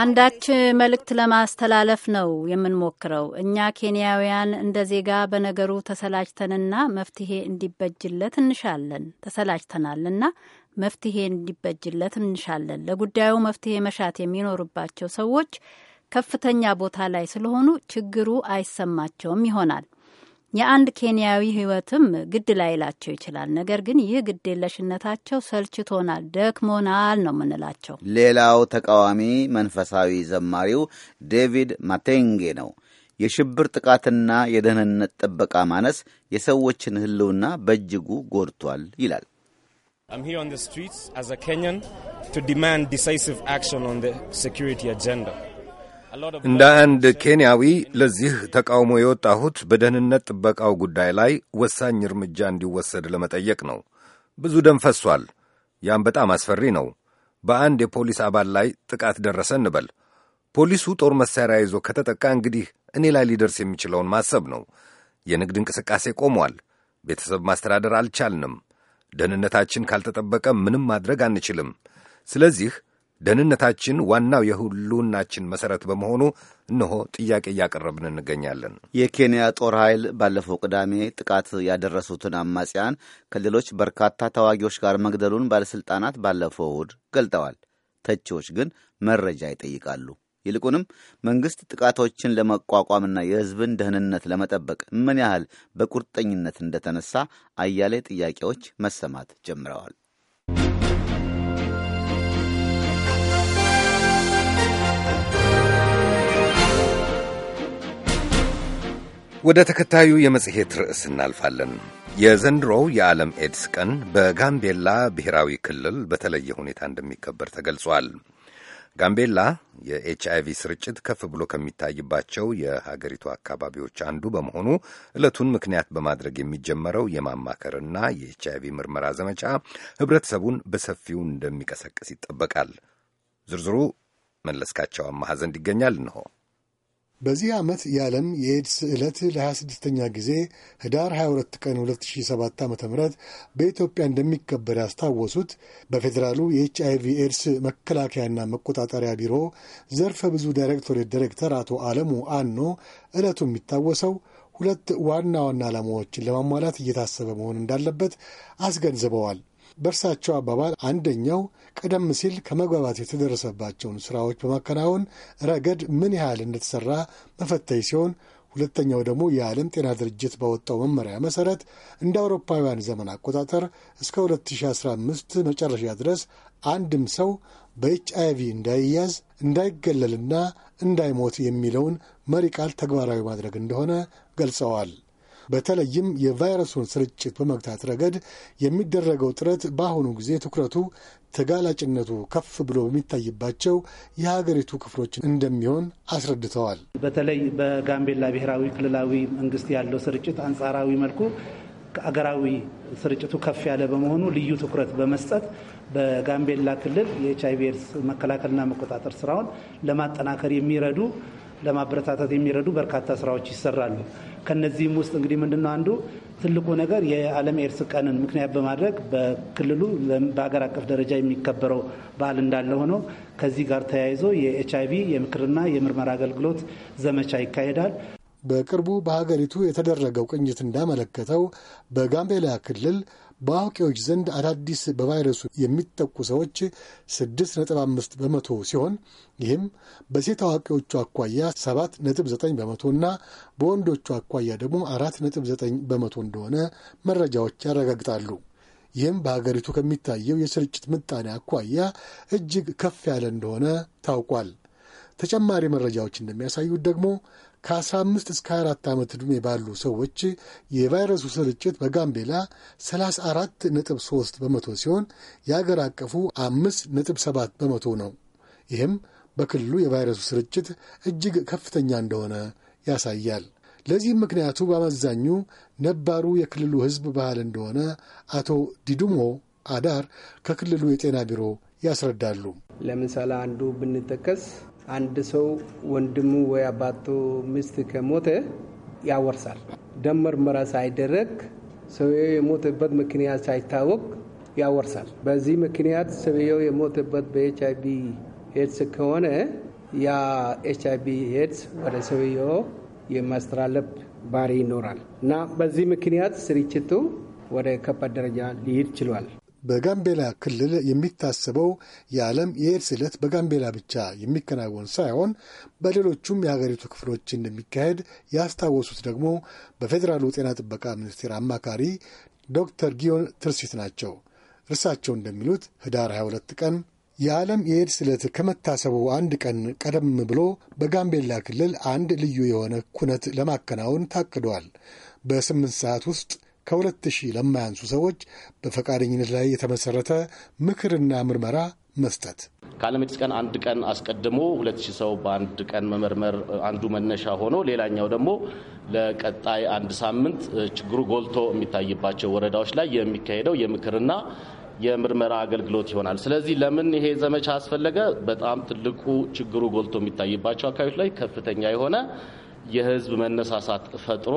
Speaker 1: አንዳች መልእክት ለማስተላለፍ ነው የምንሞክረው። እኛ ኬንያውያን እንደ ዜጋ በነገሩ ተሰላችተንና መፍትሄ እንዲበጅለት እንሻለን። ተሰላችተናልና መፍትሄ እንዲበጅለት እንሻለን። ለጉዳዩ መፍትሄ መሻት የሚኖርባቸው ሰዎች ከፍተኛ ቦታ ላይ ስለሆኑ ችግሩ አይሰማቸውም ይሆናል። የአንድ ኬንያዊ ህይወትም ግድ ላይላቸው ይችላል። ነገር ግን ይህ ግዴለሽነታቸው ሰልችቶናል፣ ደክሞናል ነው የምንላቸው።
Speaker 4: ሌላው ተቃዋሚ መንፈሳዊ ዘማሪው ዴቪድ ማቴንጌ ነው። የሽብር ጥቃትና የደህንነት ጥበቃ ማነስ የሰዎችን ህልውና በእጅጉ ጎድቷል ይላል።
Speaker 7: ኬንያን here on the streets as አጀንዳ። እንደ
Speaker 2: አንድ ኬንያዊ ለዚህ ተቃውሞ የወጣሁት በደህንነት ጥበቃው ጉዳይ ላይ ወሳኝ እርምጃ እንዲወሰድ ለመጠየቅ ነው። ብዙ ደም ፈሷል። ያም በጣም አስፈሪ ነው። በአንድ የፖሊስ አባል ላይ ጥቃት ደረሰ እንበል። ፖሊሱ ጦር መሳሪያ ይዞ ከተጠቃ እንግዲህ እኔ ላይ ሊደርስ የሚችለውን ማሰብ ነው። የንግድ እንቅስቃሴ ቆሟል። ቤተሰብ ማስተዳደር አልቻልንም። ደህንነታችን ካልተጠበቀ ምንም ማድረግ አንችልም። ስለዚህ ደህንነታችን ዋናው የሁሉናችን መሠረት በመሆኑ እነሆ ጥያቄ እያቀረብን እንገኛለን። የኬንያ ጦር ኃይል ባለፈው
Speaker 4: ቅዳሜ ጥቃት ያደረሱትን አማጽያን ከሌሎች በርካታ ተዋጊዎች ጋር መግደሉን ባለሥልጣናት ባለፈው እሁድ ገልጠዋል። ተቺዎች ግን መረጃ ይጠይቃሉ። ይልቁንም መንግሥት ጥቃቶችን ለመቋቋምና የሕዝብን ደህንነት ለመጠበቅ ምን ያህል በቁርጠኝነት እንደተነሳ አያሌ ጥያቄዎች መሰማት ጀምረዋል።
Speaker 2: ወደ ተከታዩ የመጽሔት ርዕስ እናልፋለን። የዘንድሮው የዓለም ኤድስ ቀን በጋምቤላ ብሔራዊ ክልል በተለየ ሁኔታ እንደሚከበር ተገልጿል። ጋምቤላ የኤች አይቪ ስርጭት ከፍ ብሎ ከሚታይባቸው የሀገሪቱ አካባቢዎች አንዱ በመሆኑ ዕለቱን ምክንያት በማድረግ የሚጀመረው የማማከርና የኤች አይቪ ምርመራ ዘመቻ ህብረተሰቡን በሰፊው እንደሚቀሰቅስ ይጠበቃል። ዝርዝሩ መለስካቸው አማሐ ዘንድ ይገኛል እንሆ
Speaker 3: በዚህ ዓመት የዓለም የኤድስ ዕለት ለ26ኛ ጊዜ ህዳር 22 ቀን 2007 ዓ ም በኢትዮጵያ እንደሚከበር ያስታወሱት በፌዴራሉ የኤች ቪ ኤድስ መከላከያና መቆጣጠሪያ ቢሮ ዘርፈ ብዙ ዳይሬክቶሬት ዳይሬክተር አቶ አለሙ አኖ ዕለቱ የሚታወሰው ሁለት ዋና ዋና ዓላማዎችን ለማሟላት እየታሰበ መሆን እንዳለበት አስገንዝበዋል። በእርሳቸው አባባል አንደኛው ቀደም ሲል ከመግባባት የተደረሰባቸውን ስራዎች በማከናወን ረገድ ምን ያህል እንደተሰራ መፈተሽ ሲሆን ሁለተኛው ደግሞ የዓለም ጤና ድርጅት ባወጣው መመሪያ መሰረት እንደ አውሮፓውያን ዘመን አቆጣጠር እስከ 2015 መጨረሻ ድረስ አንድም ሰው በኤች እንዳይያዝ እንዳይገለልና እንዳይሞት የሚለውን መሪ ቃል ተግባራዊ ማድረግ እንደሆነ ገልጸዋል። በተለይም የቫይረሱን ስርጭት በመግታት ረገድ የሚደረገው ጥረት በአሁኑ ጊዜ ትኩረቱ ተጋላጭነቱ ከፍ ብሎ በሚታይባቸው የሀገሪቱ ክፍሎች እንደሚሆን አስረድተዋል።
Speaker 11: በተለይ በጋምቤላ ብሔራዊ ክልላዊ መንግስት ያለው ስርጭት አንጻራዊ መልኩ አገራዊ ስርጭቱ ከፍ ያለ በመሆኑ ልዩ ትኩረት በመስጠት በጋምቤላ ክልል የኤች አይቪ ኤድስ መከላከልና መቆጣጠር ስራውን ለማጠናከር የሚረዱ ለማበረታታት የሚረዱ በርካታ ስራዎች ይሰራሉ። ከነዚህም ውስጥ እንግዲህ ምንድነው አንዱ ትልቁ ነገር የዓለም ኤድስ ቀንን ምክንያት በማድረግ በክልሉ በአገር አቀፍ ደረጃ የሚከበረው በዓል እንዳለ ሆኖ ከዚህ ጋር ተያይዞ የኤች አይቪ የምክርና የምርመራ አገልግሎት ዘመቻ ይካሄዳል።
Speaker 3: በቅርቡ በሀገሪቱ የተደረገው ቅኝት እንዳመለከተው በጋምቤላ ክልል በአዋቂዎች ዘንድ አዳዲስ በቫይረሱ የሚጠቁ ሰዎች 6.5 በመቶ ሲሆን ይህም በሴት አዋቂዎቹ አኳያ 7.9 በመቶ እና በወንዶቹ አኳያ ደግሞ 4.9 በመቶ እንደሆነ መረጃዎች ያረጋግጣሉ። ይህም በሀገሪቱ ከሚታየው የስርጭት ምጣኔ አኳያ እጅግ ከፍ ያለ እንደሆነ ታውቋል። ተጨማሪ መረጃዎች እንደሚያሳዩት ደግሞ ከ15 እስከ 24 ዓመት ዕድሜ ባሉ ሰዎች የቫይረሱ ስርጭት በጋምቤላ 34 ነጥብ 3 በመቶ ሲሆን የአገር አቀፉ 5 ነጥብ 7 በመቶ ነው። ይህም በክልሉ የቫይረሱ ስርጭት እጅግ ከፍተኛ እንደሆነ ያሳያል። ለዚህም ምክንያቱ በአመዛኙ ነባሩ የክልሉ ሕዝብ ባህል እንደሆነ አቶ ዲዱሞ አዳር ከክልሉ የጤና ቢሮ ያስረዳሉ። ለምሳሌ አንዱ ብንጠቀስ አንድ ሰው
Speaker 5: ወንድሙ ወይ አባቱ ሚስት ከሞተ ያወርሳል። ደም ምርመራ ሳይደረግ ሰውየው የሞተበት ምክንያት ሳይታወቅ ያወርሳል። በዚህ ምክንያት ሰውየው የሞተበት በኤች አይ ቪ ኤድስ ከሆነ ያ ኤች አይ ቪ ኤድስ ወደ ሰውየው የማስተላለፍ ባህሪ ይኖራል እና
Speaker 3: በዚህ ምክንያት ስርጭቱ ወደ ከባድ ደረጃ ሊሄድ ችሏል። በጋምቤላ ክልል የሚታሰበው የዓለም የኤድስ ዕለት በጋምቤላ ብቻ የሚከናወን ሳይሆን በሌሎቹም የሀገሪቱ ክፍሎች እንደሚካሄድ ያስታወሱት ደግሞ በፌዴራሉ ጤና ጥበቃ ሚኒስቴር አማካሪ ዶክተር ጊዮን ትርሲት ናቸው። እርሳቸው እንደሚሉት ህዳር 22 ቀን የዓለም የኤድስ ዕለት ከመታሰቡ አንድ ቀን ቀደም ብሎ በጋምቤላ ክልል አንድ ልዩ የሆነ ኩነት ለማከናወን ታቅዷል። በስምንት ሰዓት ውስጥ ከሁለት ሺህ ለማያንሱ ሰዎች በፈቃደኝነት ላይ የተመሰረተ ምክርና ምርመራ መስጠት
Speaker 6: ከአለመጭስ ቀን አንድ ቀን አስቀድሞ ሁለት ሺህ ሰው በአንድ ቀን መመርመር አንዱ መነሻ ሆኖ ሌላኛው ደግሞ ለቀጣይ አንድ ሳምንት ችግሩ ጎልቶ የሚታይባቸው ወረዳዎች ላይ የሚካሄደው የምክርና የምርመራ አገልግሎት ይሆናል። ስለዚህ ለምን ይሄ ዘመቻ አስፈለገ? በጣም ትልቁ ችግሩ ጎልቶ የሚታይባቸው አካባቢዎች ላይ ከፍተኛ የሆነ የህዝብ መነሳሳት ፈጥሮ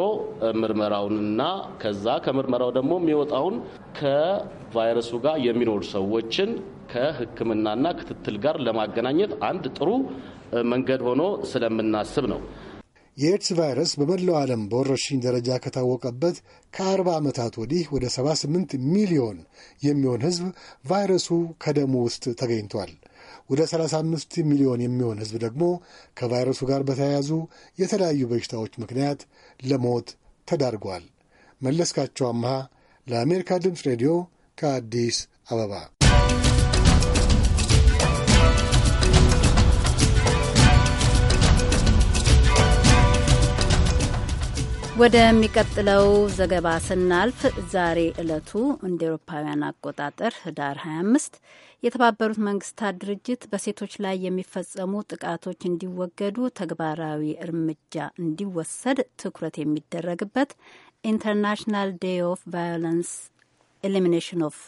Speaker 6: ምርመራውንና ከዛ ከምርመራው ደግሞ የሚወጣውን ከቫይረሱ ጋር የሚኖሩ ሰዎችን ከህክምናና ክትትል ጋር ለማገናኘት አንድ ጥሩ መንገድ ሆኖ ስለምናስብ ነው።
Speaker 3: የኤድስ ቫይረስ በመላው ዓለም በወረርሽኝ ደረጃ ከታወቀበት ከ40 ዓመታት ወዲህ ወደ 78 ሚሊዮን የሚሆን ህዝብ ቫይረሱ ከደሙ ውስጥ ተገኝቷል። ወደ 35 ሚሊዮን የሚሆን ህዝብ ደግሞ ከቫይረሱ ጋር በተያያዙ የተለያዩ በሽታዎች ምክንያት ለሞት ተዳርጓል። መለስካቸው አምሃ ለአሜሪካ ድምፅ ሬዲዮ ከአዲስ አበባ
Speaker 1: ወደሚቀጥለው ዘገባ ስናልፍ ዛሬ ዕለቱ እንደ ኤሮፓውያን አቆጣጠር ህዳር 25 የተባበሩት መንግስታት ድርጅት በሴቶች ላይ የሚፈጸሙ ጥቃቶች እንዲወገዱ ተግባራዊ እርምጃ እንዲወሰድ ትኩረት የሚደረግበት ኢንተርናሽናል ዴይ ኦፍ ቫዮለንስ ኤሊሚኔሽን ኦፍ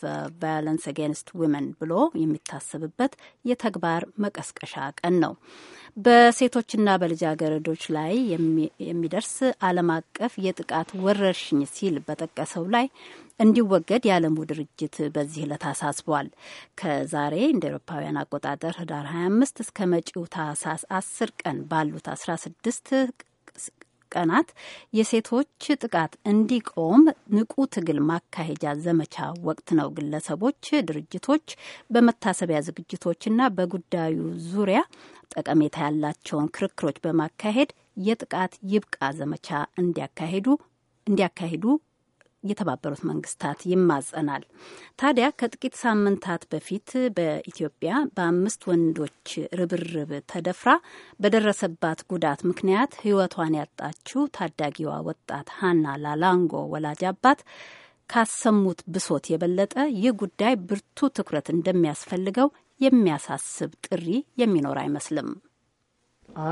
Speaker 1: ቫዮለንስ አጋንስት ዊመን ብሎ የሚታሰብበት የተግባር መቀስቀሻ ቀን ነው። በሴቶችና በልጃገረዶች ላይ የሚደርስ ዓለም አቀፍ የጥቃት ወረርሽኝ ሲል በጠቀሰው ላይ እንዲወገድ የዓለሙ ድርጅት በዚህ ዕለት አሳስቧል። ከዛሬ እንደ ኤሮፓውያን አቆጣጠር ህዳር 25 እስከ መጪው ታህሳስ 10 ቀን ባሉት 16 ቀናት የሴቶች ጥቃት እንዲቆም ንቁ ትግል ማካሄጃ ዘመቻ ወቅት ነው። ግለሰቦች፣ ድርጅቶች በመታሰቢያ ዝግጅቶችና በጉዳዩ ዙሪያ ጠቀሜታ ያላቸውን ክርክሮች በማካሄድ የጥቃት ይብቃ ዘመቻ እንዲያካሂዱ የተባበሩት መንግስታት ይማጸናል። ታዲያ ከጥቂት ሳምንታት በፊት በኢትዮጵያ በአምስት ወንዶች ርብርብ ተደፍራ በደረሰባት ጉዳት ምክንያት ሕይወቷን ያጣችው ታዳጊዋ ወጣት ሀና ላላንጎ ወላጅ አባት ካሰሙት ብሶት የበለጠ ይህ ጉዳይ ብርቱ ትኩረት እንደሚያስፈልገው የሚያሳስብ ጥሪ የሚኖር አይመስልም።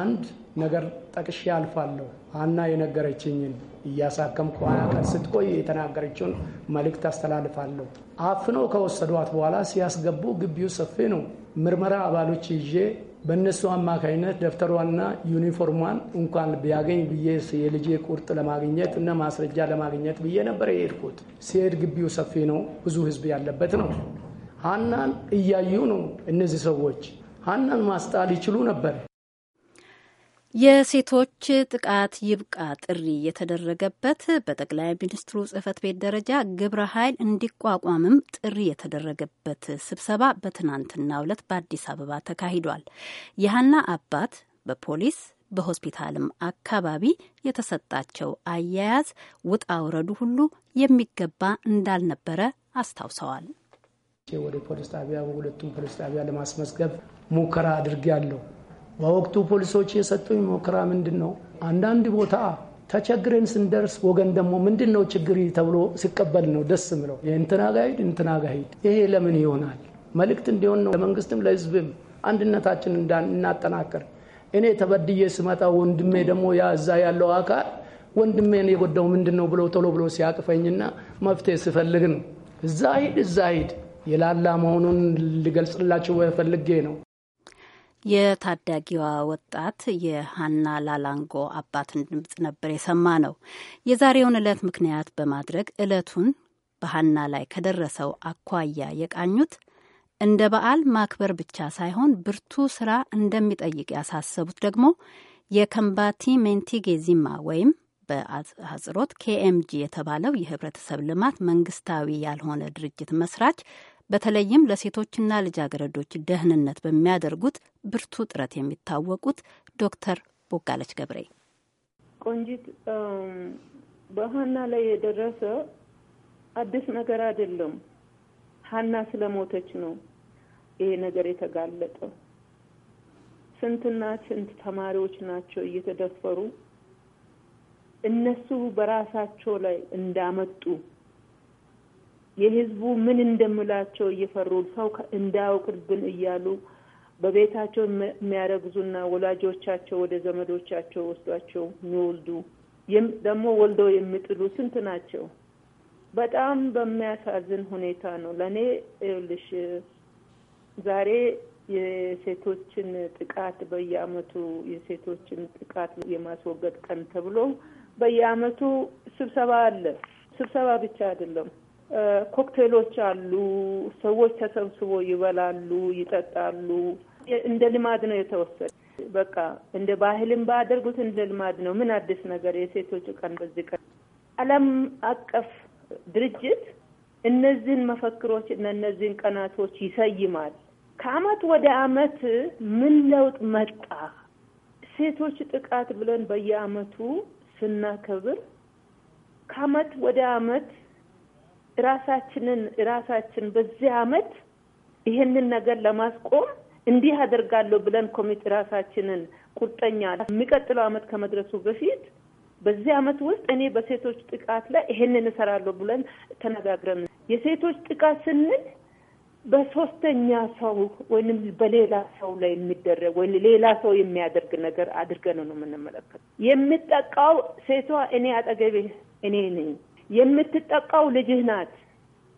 Speaker 12: አንድ ነገር ጠቅሼ አልፋለሁ። ሀና የነገረችኝን እያሳከምኩ ሀያ ቀን ስትቆይ የተናገረችውን መልእክት አስተላልፋለሁ። አፍነው ከወሰዷት በኋላ ሲያስገቡ ግቢው ሰፊ ነው። ምርመራ አባሎች ይዤ በእነሱ አማካኝነት ደብተሯና ዩኒፎርሟን እንኳን ቢያገኝ ብዬ የልጄ ቁርጥ ለማግኘት እና ማስረጃ ለማግኘት ብዬ ነበር የሄድኩት። ሲሄድ ግቢው ሰፊ ነው፣ ብዙ ህዝብ ያለበት ነው። ሀናን እያዩ ነው እነዚህ ሰዎች። ሀናን ማስጣል ይችሉ ነበር።
Speaker 1: የሴቶች ጥቃት ይብቃ ጥሪ የተደረገበት በጠቅላይ ሚኒስትሩ ጽህፈት ቤት ደረጃ ግብረ ኃይል እንዲቋቋምም ጥሪ የተደረገበት ስብሰባ በትናንትናው ዕለት በአዲስ አበባ ተካሂዷል። የሀና አባት በፖሊስ በሆስፒታልም አካባቢ የተሰጣቸው አያያዝ ውጣ ውረዱ ሁሉ የሚገባ እንዳልነበረ አስታውሰዋል።
Speaker 12: ወደ ፖሊስ ጣቢያ ሁለቱም ፖሊስ ጣቢያ ለማስመዝገብ ሙከራ አድርጌያለሁ በወቅቱ ፖሊሶች የሰጡኝ ሞክራ ምንድን ነው አንዳንድ ቦታ ተቸግረን ስንደርስ ወገን ደግሞ ምንድን ነው ችግር ተብሎ ሲቀበል ነው ደስ ምለው። የእንትና ጋሂድ እንትና ጋሂድ ይሄ ለምን ይሆናል? መልእክት እንዲሆን ነው ለመንግስትም ለህዝብም አንድነታችን እናጠናከር። እኔ ተበድዬ ስመጣ ወንድሜ ደግሞ ያዛ ያለው አካል ወንድሜን የጎዳው ምንድን ነው ብሎ ቶሎ ብሎ ሲያቅፈኝና መፍትሄ ስፈልግ ነው እዛ ሂድ እዛ ሂድ የላላ መሆኑን ልገልጽላችሁ ፈልጌ ነው።
Speaker 1: የታዳጊዋ ወጣት የሀና ላላንጎ አባትን ድምጽ ነበር የሰማ ነው። የዛሬውን ዕለት ምክንያት በማድረግ ዕለቱን በሀና ላይ ከደረሰው አኳያ የቃኙት እንደ በዓል ማክበር ብቻ ሳይሆን ብርቱ ስራ እንደሚጠይቅ ያሳሰቡት ደግሞ የከምባቲ ሜንቲጌ ዚማ ወይም በአጽሮት ኬኤምጂ የተባለው የህብረተሰብ ልማት መንግስታዊ ያልሆነ ድርጅት መስራች በተለይም ለሴቶችና ልጃገረዶች ደህንነት በሚያደርጉት ብርቱ ጥረት የሚታወቁት ዶክተር ቦጋለች ገብሬ
Speaker 8: ቆንጂት በሀና ላይ የደረሰ አዲስ ነገር አይደለም። ሀና ስለሞተች ነው ይሄ ነገር የተጋለጠው። ስንትና ስንት ተማሪዎች ናቸው እየተደፈሩ እነሱ በራሳቸው ላይ እንዳመጡ የህዝቡ ምን እንደምላቸው እየፈሩ ሰው እንዳያውቅብን እያሉ በቤታቸው የሚያረግዙና ወላጆቻቸው ወደ ዘመዶቻቸው ወስዷቸው የሚወልዱ ደግሞ ወልደው የሚጥሉ ስንት ናቸው። በጣም በሚያሳዝን ሁኔታ ነው። ለእኔ ይኸውልሽ ዛሬ የሴቶችን ጥቃት በየአመቱ የሴቶችን ጥቃት የማስወገድ ቀን ተብሎ በየአመቱ ስብሰባ አለ። ስብሰባ ብቻ አይደለም ኮክቴሎች አሉ። ሰዎች ተሰብስቦ ይበላሉ፣ ይጠጣሉ። እንደ ልማድ ነው የተወሰደ። በቃ እንደ ባህልም ባደርጉት እንደ ልማድ ነው። ምን አዲስ ነገር? የሴቶቹ ቀን በዚህ ቀን ዓለም አቀፍ ድርጅት እነዚህን መፈክሮች እና እነዚህን ቀናቶች ይሰይማል። ከአመት ወደ አመት ምን ለውጥ መጣ? ሴቶች ጥቃት ብለን በየአመቱ ስናከብር ከአመት ወደ አመት ራሳችንን ራሳችን በዚህ አመት ይሄንን ነገር ለማስቆም እንዲህ አደርጋለሁ ብለን ኮሚቴ ራሳችንን ቁርጠኛ የሚቀጥለው አመት ከመድረሱ በፊት በዚህ አመት ውስጥ እኔ በሴቶች ጥቃት ላይ ይሄንን እሰራለሁ ብለን ተነጋግረን የሴቶች ጥቃት ስንል በሶስተኛ ሰው ወይም በሌላ ሰው ላይ የሚደረግ ወይ ሌላ ሰው የሚያደርግ ነገር አድርገን ነው የምንመለከት። የምጠቃው ሴቷ እኔ አጠገቤ እኔ ነኝ የምትጠቃው ልጅህ ናት።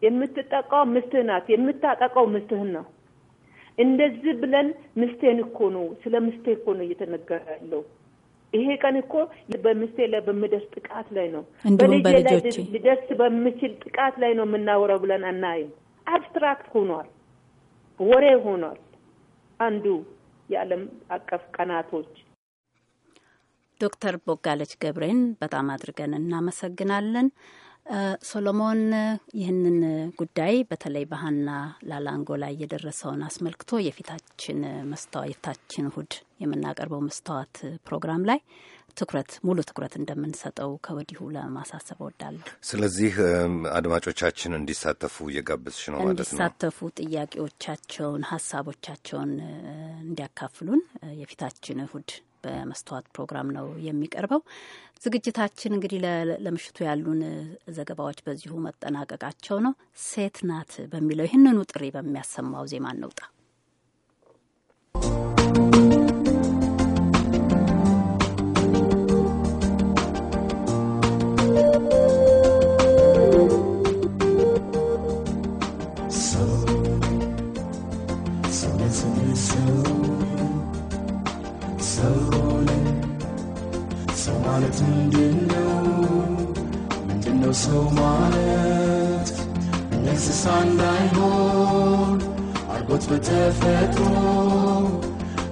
Speaker 8: የምትጠቃው ምስትህ ናት። የምታጠቃው ምስትህን ነው። እንደዚህ ብለን ምስቴን እኮ ነው ስለ ምስቴ እኮ ነው እየተነገረ ያለው። ይሄ ቀን እኮ በምስቴ ላይ በምደርስ ጥቃት ላይ ነው፣ በልጄ ላይ ልደርስ በምችል ጥቃት ላይ ነው የምናወራው ብለን አናይም። አብስትራክት ሆኗል፣ ወሬ ሆኗል። አንዱ የዓለም አቀፍ ቀናቶች
Speaker 1: ዶክተር ቦጋለች ገብሬን በጣም አድርገን እናመሰግናለን። ሶሎሞን ይህንን ጉዳይ በተለይ በሀና ላላንጎ ላይ የደረሰውን አስመልክቶ የፊታችን መስታወት የፊታችን እሁድ የምናቀርበው መስታወት ፕሮግራም ላይ ትኩረት ሙሉ ትኩረት እንደምንሰጠው ከወዲሁ ለማሳሰብ እወዳለሁ።
Speaker 2: ስለዚህ አድማጮቻችን እንዲሳተፉ እየጋበዝሽ ነው ማለት ነው።
Speaker 1: እንዲሳተፉ ጥያቄዎቻቸውን፣ ሀሳቦቻቸውን እንዲያካፍሉን የፊታችን እሁድ በመስተዋት ፕሮግራም ነው የሚቀርበው። ዝግጅታችን እንግዲህ ለምሽቱ ያሉን ዘገባዎች በዚሁ መጠናቀቃቸው ነው። ሴት ናት በሚለው ይህንኑ ጥሪ በሚያሰማው ዜማ እንውጣ።
Speaker 13: ማለት ምንድን ነው? ምንድን ነው ሰው ማለት? እንስሳ እንዳይሆን አርጎት በተፈጥሮ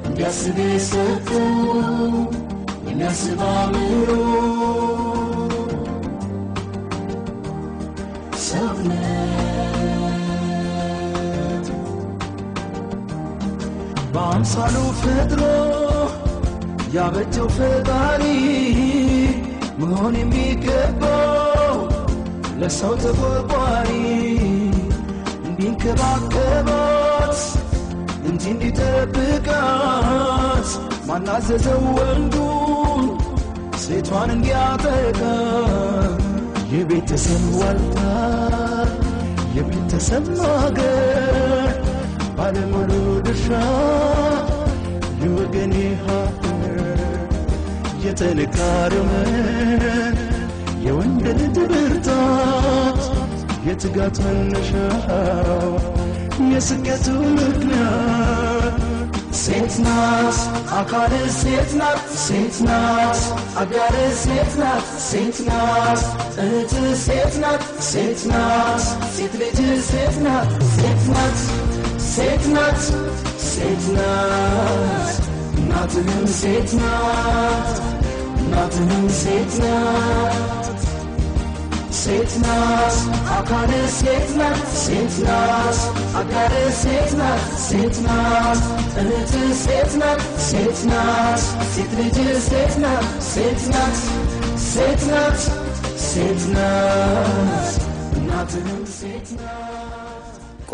Speaker 13: እንዲያስብ የሰጠው የሚያስብ አእምሮ ሰውነት በአምሳሉ ፈጥሮ ያበጀው ፈጣሪ መሆን የሚገባው ለሰው ተቆርቋሪ እንዲንከባከባት እንጂ እንዲጠብቃት ማናዘዘው ወንዱን ሴቷን እንዲያጠቃ የቤተሰብ ዋልታ የቤተሰብ ማገር ባለሙሉ ድርሻ የወገኔ ሀብት የተልካርምን የወንድ ልጅ ብርታት የትጋት መነሻው የስኬቱ ምክንያት ሴት ናት አካል ሴት ናት ሴት ናት አጋር ሴት ናት ሴት ናት እህት ሴት ናት ሴት ናት ሴት ልጅ ሴት ናት ሴት ናት ሴት ናት ሴት ናት እናትህም ሴት ናት adının Setnat Setnat akar Setnat Setnat akar Setnat Setnat Öğütü Setnat Setnat Titreci Setnat Setnat Setnat Setnat Adının Setnat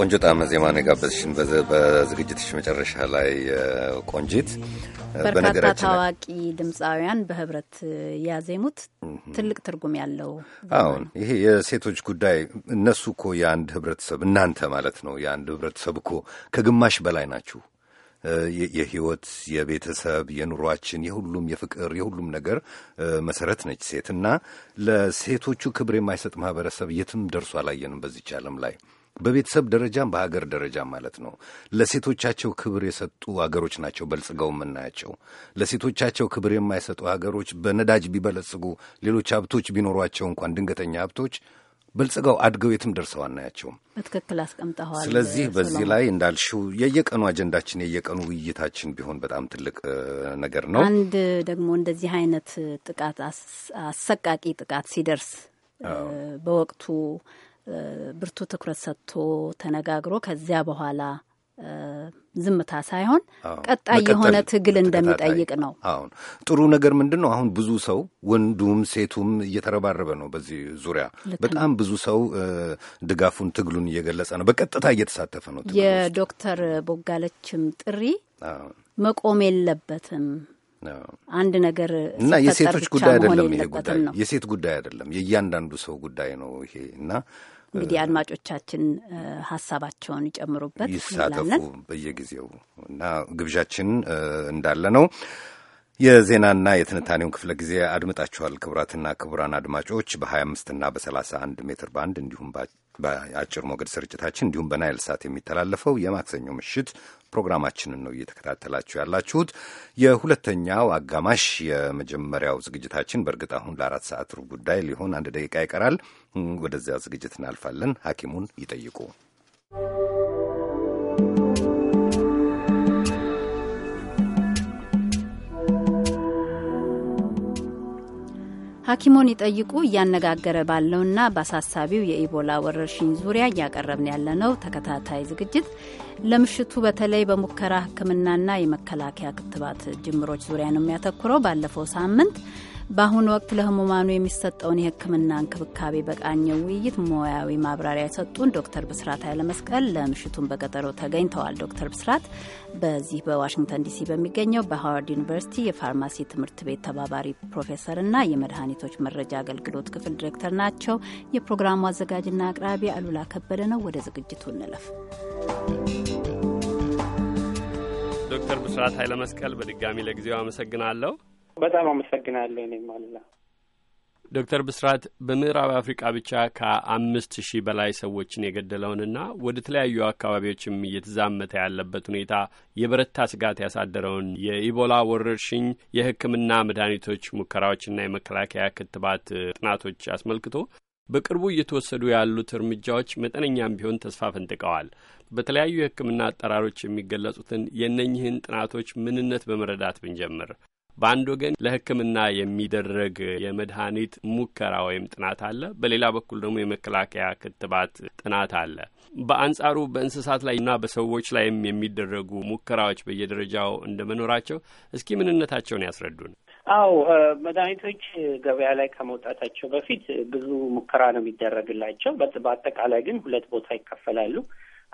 Speaker 2: ቆንጆ ጣመ ዜማ ነው የጋበዝሽን በዝግጅትሽ መጨረሻ ላይ ቆንጂት። በርካታ ታዋቂ
Speaker 1: ድምፃውያን በህብረት ያዜሙት ትልቅ ትርጉም ያለው
Speaker 2: አሁን ይሄ የሴቶች ጉዳይ እነሱ እኮ የአንድ ህብረተሰብ እናንተ ማለት ነው የአንድ ህብረተሰብ እኮ ከግማሽ በላይ ናችሁ። የህይወት የቤተሰብ የኑሯችን የሁሉም የፍቅር የሁሉም ነገር መሰረት ነች ሴት እና ለሴቶቹ ክብር የማይሰጥ ማህበረሰብ የትም ደርሶ አላየንም በዚች ዓለም ላይ በቤተሰብ ደረጃም በሀገር ደረጃ ማለት ነው። ለሴቶቻቸው ክብር የሰጡ ሀገሮች ናቸው በልጽገው የምናያቸው። ለሴቶቻቸው ክብር የማይሰጡ ሀገሮች በነዳጅ ቢበለጽጉ፣ ሌሎች ሀብቶች ቢኖሯቸው እንኳን ድንገተኛ ሀብቶች በልጽገው አድገው የትም ደርሰው አናያቸውም።
Speaker 1: በትክክል አስቀምጠዋል። ስለዚህ በዚህ ላይ
Speaker 2: እንዳልሽው የየቀኑ አጀንዳችን የየቀኑ ውይይታችን ቢሆን በጣም ትልቅ ነገር ነው። አንድ
Speaker 1: ደግሞ እንደዚህ አይነት ጥቃት አሰቃቂ ጥቃት ሲደርስ በወቅቱ ብርቱ ትኩረት ሰጥቶ ተነጋግሮ ከዚያ በኋላ ዝምታ ሳይሆን
Speaker 2: ቀጣይ የሆነ ትግል እንደሚጠይቅ ነው። አሁን ጥሩ ነገር ምንድን ነው? አሁን ብዙ ሰው ወንዱም ሴቱም እየተረባረበ ነው። በዚህ ዙሪያ በጣም ብዙ ሰው ድጋፉን፣ ትግሉን እየገለጸ ነው። በቀጥታ እየተሳተፈ ነው።
Speaker 1: የዶክተር ቦጋለችም ጥሪ መቆም የለበትም አንድ ነገር እና የሴቶች ጉዳይ አይደለም። ይሄ ጉዳይ
Speaker 2: የሴት ጉዳይ አይደለም። የእያንዳንዱ ሰው ጉዳይ ነው ይሄ እና
Speaker 1: እንግዲህ አድማጮቻችን ሀሳባቸውን ይጨምሩበት፣ ይሳተፉ
Speaker 2: በየጊዜው እና ግብዣችን እንዳለ ነው። የዜናና የትንታኔውን ክፍለ ጊዜ አድምጣችኋል። ክቡራትና ክቡራን አድማጮች በ25 እና በ31 ሜትር ባንድ እንዲሁም በአጭር ሞገድ ስርጭታችን እንዲሁም በናይል ሳት የሚተላለፈው የማክሰኞ ምሽት ፕሮግራማችንን ነው እየተከታተላችሁ ያላችሁት። የሁለተኛው አጋማሽ የመጀመሪያው ዝግጅታችን በእርግጥ አሁን ለአራት ሰዓት ሩብ ጉዳይ ሊሆን አንድ ደቂቃ ይቀራል። ወደዚያ ዝግጅት እናልፋለን። ሐኪሙን ይጠይቁ
Speaker 1: ሐኪሞን ይጠይቁ እያነጋገረ ባለውና በአሳሳቢው የኢቦላ ወረርሽኝ ዙሪያ እያቀረብን ያለነው ተከታታይ ዝግጅት ለምሽቱ በተለይ በሙከራ ሕክምናና የመከላከያ ክትባት ጅምሮች ዙሪያ ነው የሚያተኩረው። ባለፈው ሳምንት በአሁኑ ወቅት ለህሙማኑ የሚሰጠውን የህክምና እንክብካቤ በቃኘው ውይይት ሙያዊ ማብራሪያ የሰጡን ዶክተር ብስራት ኃይለመስቀል ለምሽቱን በቀጠሮ ተገኝተዋል። ዶክተር ብስራት በዚህ በዋሽንግተን ዲሲ በሚገኘው በሃዋርድ ዩኒቨርሲቲ የፋርማሲ ትምህርት ቤት ተባባሪ ፕሮፌሰርና የመድኃኒቶች መረጃ አገልግሎት ክፍል ዲሬክተር ናቸው። የፕሮግራሙ አዘጋጅና አቅራቢ አሉላ ከበደ ነው። ወደ ዝግጅቱ እንለፍ።
Speaker 9: ዶክተር ብስራት ኃይለመስቀል በድጋሚ ለጊዜው አመሰግናለሁ።
Speaker 11: በጣም አመሰግናለሁ። እኔ አሉላ።
Speaker 9: ዶክተር ብስራት በምዕራብ አፍሪቃ ብቻ ከአምስት ሺህ በላይ ሰዎችን የገደለውንና ወደ ተለያዩ አካባቢዎችም እየተዛመተ ያለበት ሁኔታ የበረታ ስጋት ያሳደረውን የኢቦላ ወረርሽኝ የሕክምና መድኃኒቶች ሙከራዎችና የመከላከያ ክትባት ጥናቶች አስመልክቶ በቅርቡ እየተወሰዱ ያሉት እርምጃዎች መጠነኛም ቢሆን ተስፋ ፈንጥቀዋል። በተለያዩ የሕክምና አጠራሮች የሚገለጹትን የእነኝህን ጥናቶች ምንነት በመረዳት ብንጀምር በአንድ ወገን ለሕክምና የሚደረግ የመድኃኒት ሙከራ ወይም ጥናት አለ፣ በሌላ በኩል ደግሞ የመከላከያ ክትባት ጥናት አለ። በአንጻሩ በእንስሳት ላይ እና በሰዎች ላይም የሚደረጉ ሙከራዎች በየደረጃው እንደመኖራቸው እስኪ ምንነታቸውን ያስረዱን።
Speaker 11: አው መድኃኒቶች ገበያ ላይ ከመውጣታቸው በፊት ብዙ ሙከራ ነው የሚደረግላቸው። በአጠቃላይ ግን ሁለት ቦታ ይከፈላሉ።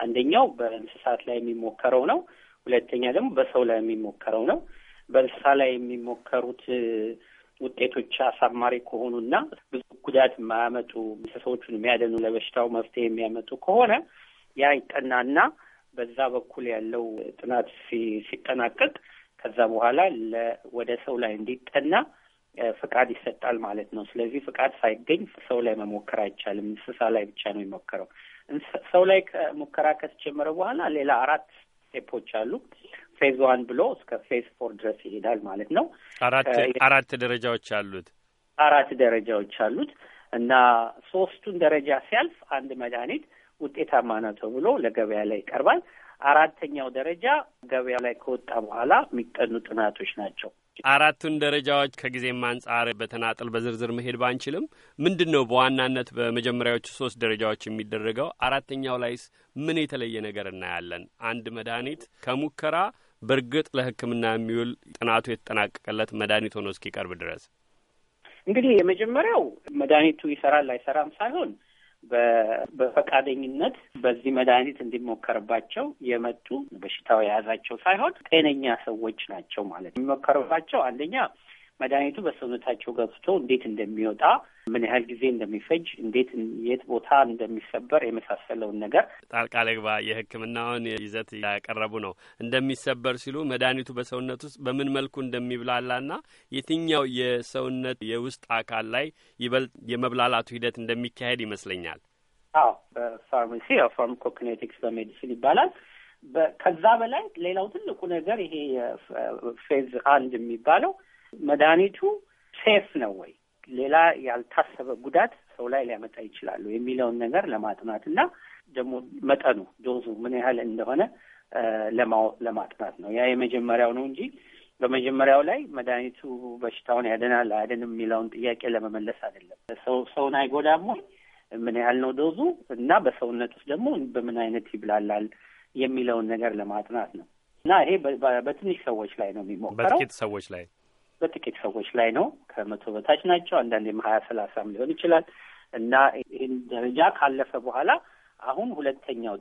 Speaker 11: አንደኛው በእንስሳት ላይ የሚሞከረው ነው። ሁለተኛ ደግሞ በሰው ላይ የሚሞከረው ነው። በእንስሳ ላይ የሚሞከሩት ውጤቶች አሳማሪ ከሆኑና ብዙ ጉዳት የማያመጡ እንስሳዎቹን የሚያደኑ ለበሽታው መፍትሄ የሚያመጡ ከሆነ ያ ይጠናና በዛ በኩል ያለው ጥናት ሲጠናቀቅ ከዛ በኋላ ወደ ሰው ላይ እንዲጠና ፍቃድ ይሰጣል ማለት ነው። ስለዚህ ፍቃድ ሳይገኝ ሰው ላይ መሞከር አይቻልም። እንስሳ ላይ ብቻ ነው የሚሞከረው። ሰው ላይ ሙከራ ከተጀመረ በኋላ ሌላ አራት ስቴፖች አሉ። ፌዝ ዋን ብሎ እስከ ፌዝ ፎር ድረስ ይሄዳል ማለት ነው።
Speaker 9: አራት አራት ደረጃዎች አሉት።
Speaker 11: አራት ደረጃዎች አሉት እና ሶስቱን ደረጃ ሲያልፍ አንድ መድኃኒት ውጤታማ ነው ተብሎ ለገበያ ላይ ይቀርባል። አራተኛው ደረጃ ገበያ ላይ ከወጣ በኋላ የሚጠኑ ጥናቶች ናቸው።
Speaker 9: አራቱን ደረጃዎች ከጊዜም አንጻር በተናጠል በዝርዝር መሄድ ባንችልም ምንድን ነው በዋናነት በመጀመሪያዎቹ ሶስት ደረጃዎች የሚደረገው? አራተኛው ላይስ ምን የተለየ ነገር እናያለን? አንድ መድኃኒት ከሙከራ በእርግጥ ለሕክምና የሚውል ጥናቱ የተጠናቀቀለት መድኃኒት ሆኖ እስኪቀርብ ድረስ
Speaker 11: እንግዲህ የመጀመሪያው መድኃኒቱ ይሰራል አይሰራም ሳይሆን በፈቃደኝነት በዚህ መድኃኒት እንዲሞከርባቸው የመጡ በሽታው የያዛቸው ሳይሆን ጤነኛ ሰዎች ናቸው ማለት የሚሞከርባቸው አንደኛ መድኃኒቱ በሰውነታቸው ገብቶ እንዴት እንደሚወጣ ምን ያህል ጊዜ እንደሚፈጅ እንዴት የት ቦታ እንደሚሰበር የመሳሰለውን ነገር
Speaker 9: ጣልቃ ልግባ የሕክምናውን ይዘት ያቀረቡ ነው። እንደሚሰበር ሲሉ መድኃኒቱ በሰውነት ውስጥ በምን መልኩ እንደሚብላላና የትኛው የሰውነት የውስጥ አካል ላይ ይበልጥ የመብላላቱ ሂደት እንደሚካሄድ ይመስለኛል።
Speaker 11: አዎ በፋርማሲ ያው ፋርማኮኪኔቲክስ በሜዲሲን ይባላል። ከዛ በላይ ሌላው ትልቁ ነገር ይሄ ፌዝ አንድ የሚባለው መድኃኒቱ ሴፍ ነው ወይ ሌላ ያልታሰበ ጉዳት ሰው ላይ ሊያመጣ ይችላሉ የሚለውን ነገር ለማጥናት እና ደግሞ መጠኑ ዶዙ ምን ያህል እንደሆነ ለማጥናት ነው። ያ የመጀመሪያው ነው እንጂ በመጀመሪያው ላይ መድኃኒቱ በሽታውን ያድናል አያድንም የሚለውን ጥያቄ ለመመለስ አይደለም። ሰው ሰውን አይጎዳም ወይ ምን ያህል ነው ዶዙ እና በሰውነት ውስጥ ደግሞ በምን አይነት ይብላላል የሚለውን ነገር ለማጥናት ነው እና ይሄ በትንሽ ሰዎች ላይ ነው የሚሞክረው፣ በጥቂት ሰዎች ላይ በጥቂት ሰዎች ላይ ነው። ከመቶ በታች ናቸው። አንዳንዴም ሀያ ሰላሳም ሊሆን ይችላል እና ይህን ደረጃ ካለፈ በኋላ አሁን ሁለተኛው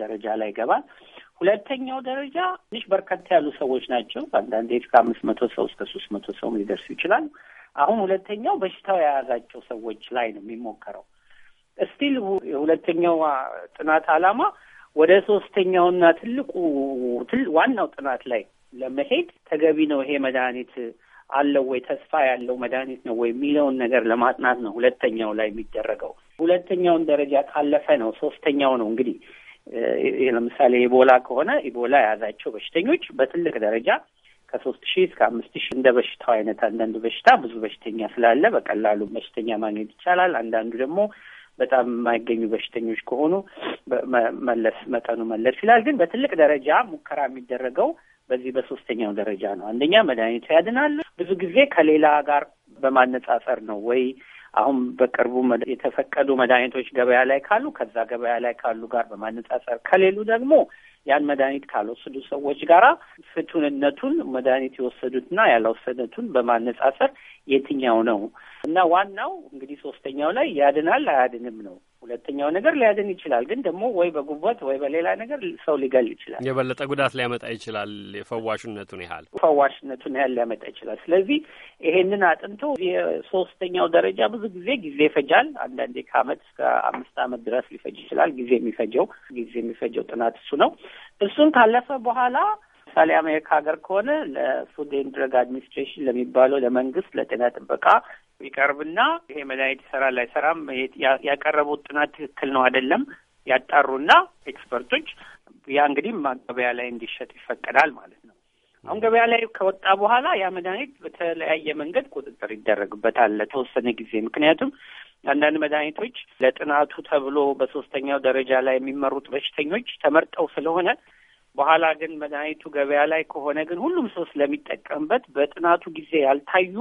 Speaker 11: ደረጃ ላይ ይገባል። ሁለተኛው ደረጃ ትንሽ በርከት ያሉ ሰዎች ናቸው። አንዳንዴ እስከ አምስት መቶ ሰው እስከ ሶስት መቶ ሰው ሊደርሱ ይችላል። አሁን ሁለተኛው በሽታው የያዛቸው ሰዎች ላይ ነው የሚሞከረው። እስቲል የሁለተኛው ጥናት ዓላማ ወደ ሶስተኛውና ትልቁ ዋናው ጥናት ላይ ለመሄድ ተገቢ ነው ይሄ መድኃኒት አለው ወይ ተስፋ ያለው መድኃኒት ነው ወይ የሚለውን ነገር ለማጥናት ነው ሁለተኛው ላይ የሚደረገው። ሁለተኛውን ደረጃ ካለፈ ነው ሶስተኛው ነው እንግዲህ ለምሳሌ ኢቦላ ከሆነ ኢቦላ የያዛቸው በሽተኞች በትልቅ ደረጃ ከሶስት ሺህ እስከ አምስት ሺህ እንደ በሽታው አይነት አንዳንዱ በሽታ ብዙ በሽተኛ ስላለ በቀላሉ በሽተኛ ማግኘት ይቻላል። አንዳንዱ ደግሞ በጣም የማይገኙ በሽተኞች ከሆኑ መለስ መጠኑ መለስ ይላል። ግን በትልቅ ደረጃ ሙከራ የሚደረገው በዚህ በሶስተኛው ደረጃ ነው። አንደኛ መድኃኒቱ ያድናል። ብዙ ጊዜ ከሌላ ጋር በማነጻጸር ነው ወይ አሁን በቅርቡ የተፈቀዱ መድኃኒቶች ገበያ ላይ ካሉ ከዛ ገበያ ላይ ካሉ ጋር በማነጻጸር ከሌሉ ደግሞ ያን መድኃኒት ካልወሰዱ ሰዎች ጋራ ፍቱንነቱን መድኃኒት የወሰዱትና ያልወሰዱትን በማነጻጸር የትኛው ነው እና ዋናው እንግዲህ ሶስተኛው ላይ ያድናል አያድንም ነው። ሁለተኛው ነገር ሊያድን ይችላል፣ ግን ደግሞ ወይ በጉበት ወይ በሌላ ነገር ሰው ሊገል ይችላል።
Speaker 9: የበለጠ ጉዳት ሊያመጣ ይችላል። የፈዋሽነቱን ያህል ፈዋሽነቱን ያህል ሊያመጣ ይችላል። ስለዚህ
Speaker 11: ይሄንን አጥንቶ የሶስተኛው ደረጃ ብዙ ጊዜ ጊዜ ይፈጃል። አንዳንዴ ከአመት እስከ አምስት አመት ድረስ ሊፈጅ ይችላል። ጊዜ የሚፈጀው ጊዜ የሚፈጀው ጥናት እሱ ነው።
Speaker 8: እሱን ካለፈ በኋላ
Speaker 11: ለምሳሌ አሜሪካ ሀገር ከሆነ ለፉድ ኤንድ ድረግ አድሚኒስትሬሽን ለሚባለው ለመንግስት ለጤና ጥበቃ ይቀርብና ይሄ መድኃኒት ይሰራል አይሰራም፣ ያቀረቡት ጥናት ትክክል ነው አይደለም ያጣሩና ኤክስፐርቶች ያ እንግዲህ ማገበያ ላይ እንዲሸጥ ይፈቀዳል ማለት ነው። አሁን ገበያ ላይ ከወጣ በኋላ ያ መድኃኒት በተለያየ መንገድ ቁጥጥር ይደረግበታል ለተወሰነ ጊዜ። ምክንያቱም አንዳንድ መድኃኒቶች ለጥናቱ ተብሎ በሶስተኛው ደረጃ ላይ የሚመሩት በሽተኞች ተመርጠው ስለሆነ በኋላ ግን መድኃኒቱ ገበያ ላይ ከሆነ ግን ሁሉም ሰው ስለሚጠቀምበት በጥናቱ ጊዜ ያልታዩ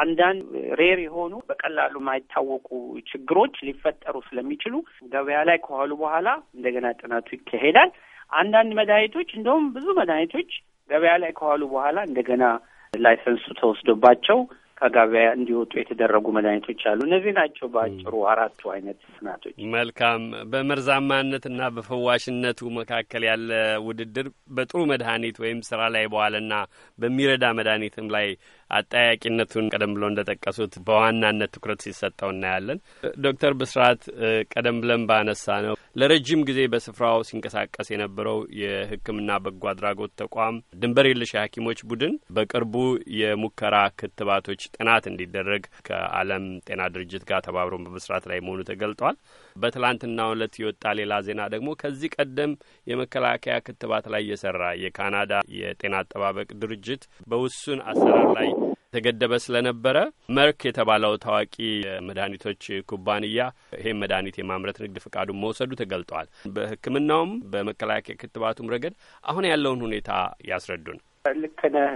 Speaker 11: አንዳንድ ሬር የሆኑ በቀላሉ የማይታወቁ ችግሮች ሊፈጠሩ ስለሚችሉ ገበያ ላይ ከዋሉ በኋላ እንደገና ጥናቱ ይካሄዳል። አንዳንድ መድኃኒቶች እንደውም ብዙ መድኃኒቶች ገበያ ላይ ከዋሉ በኋላ እንደገና ላይሰንሱ ተወስዶባቸው ከገበያ እንዲወጡ የተደረጉ መድኃኒቶች አሉ። እነዚህ ናቸው በአጭሩ አራቱ
Speaker 9: አይነት ስናቶች። መልካም። በመርዛማነትና በፈዋሽነቱ መካከል ያለ ውድድር በጥሩ መድኃኒት ወይም ስራ ላይ በዋለና በሚረዳ መድኃኒትም ላይ አጠያቂነቱን ቀደም ብሎ እንደጠቀሱት በዋናነት ትኩረት ሲሰጠው እናያለን። ዶክተር ብስራት ቀደም ብለን ባነሳ ነው ለረጅም ጊዜ በስፍራው ሲንቀሳቀስ የነበረው የሕክምና በጎ አድራጎት ተቋም ድንበር የለሽ የሐኪሞች ቡድን በቅርቡ የሙከራ ክትባቶች ጥናት እንዲደረግ ከዓለም ጤና ድርጅት ጋር ተባብሮ በመስራት ላይ መሆኑ ተገልጧል። በትላንትናው ዕለት የወጣ ሌላ ዜና ደግሞ ከዚህ ቀደም የመከላከያ ክትባት ላይ የሰራ የካናዳ የጤና አጠባበቅ ድርጅት በውሱን አሰራር ላይ ተገደበ ስለነበረ መርክ የተባለው ታዋቂ መድኃኒቶች ኩባንያ ይሄም መድኃኒት የማምረት ንግድ ፍቃዱን መውሰዱ ተገልጧል። በሕክምናውም በመከላከያ ክትባቱም ረገድ አሁን ያለውን ሁኔታ ያስረዱን።
Speaker 11: ልክ ነህ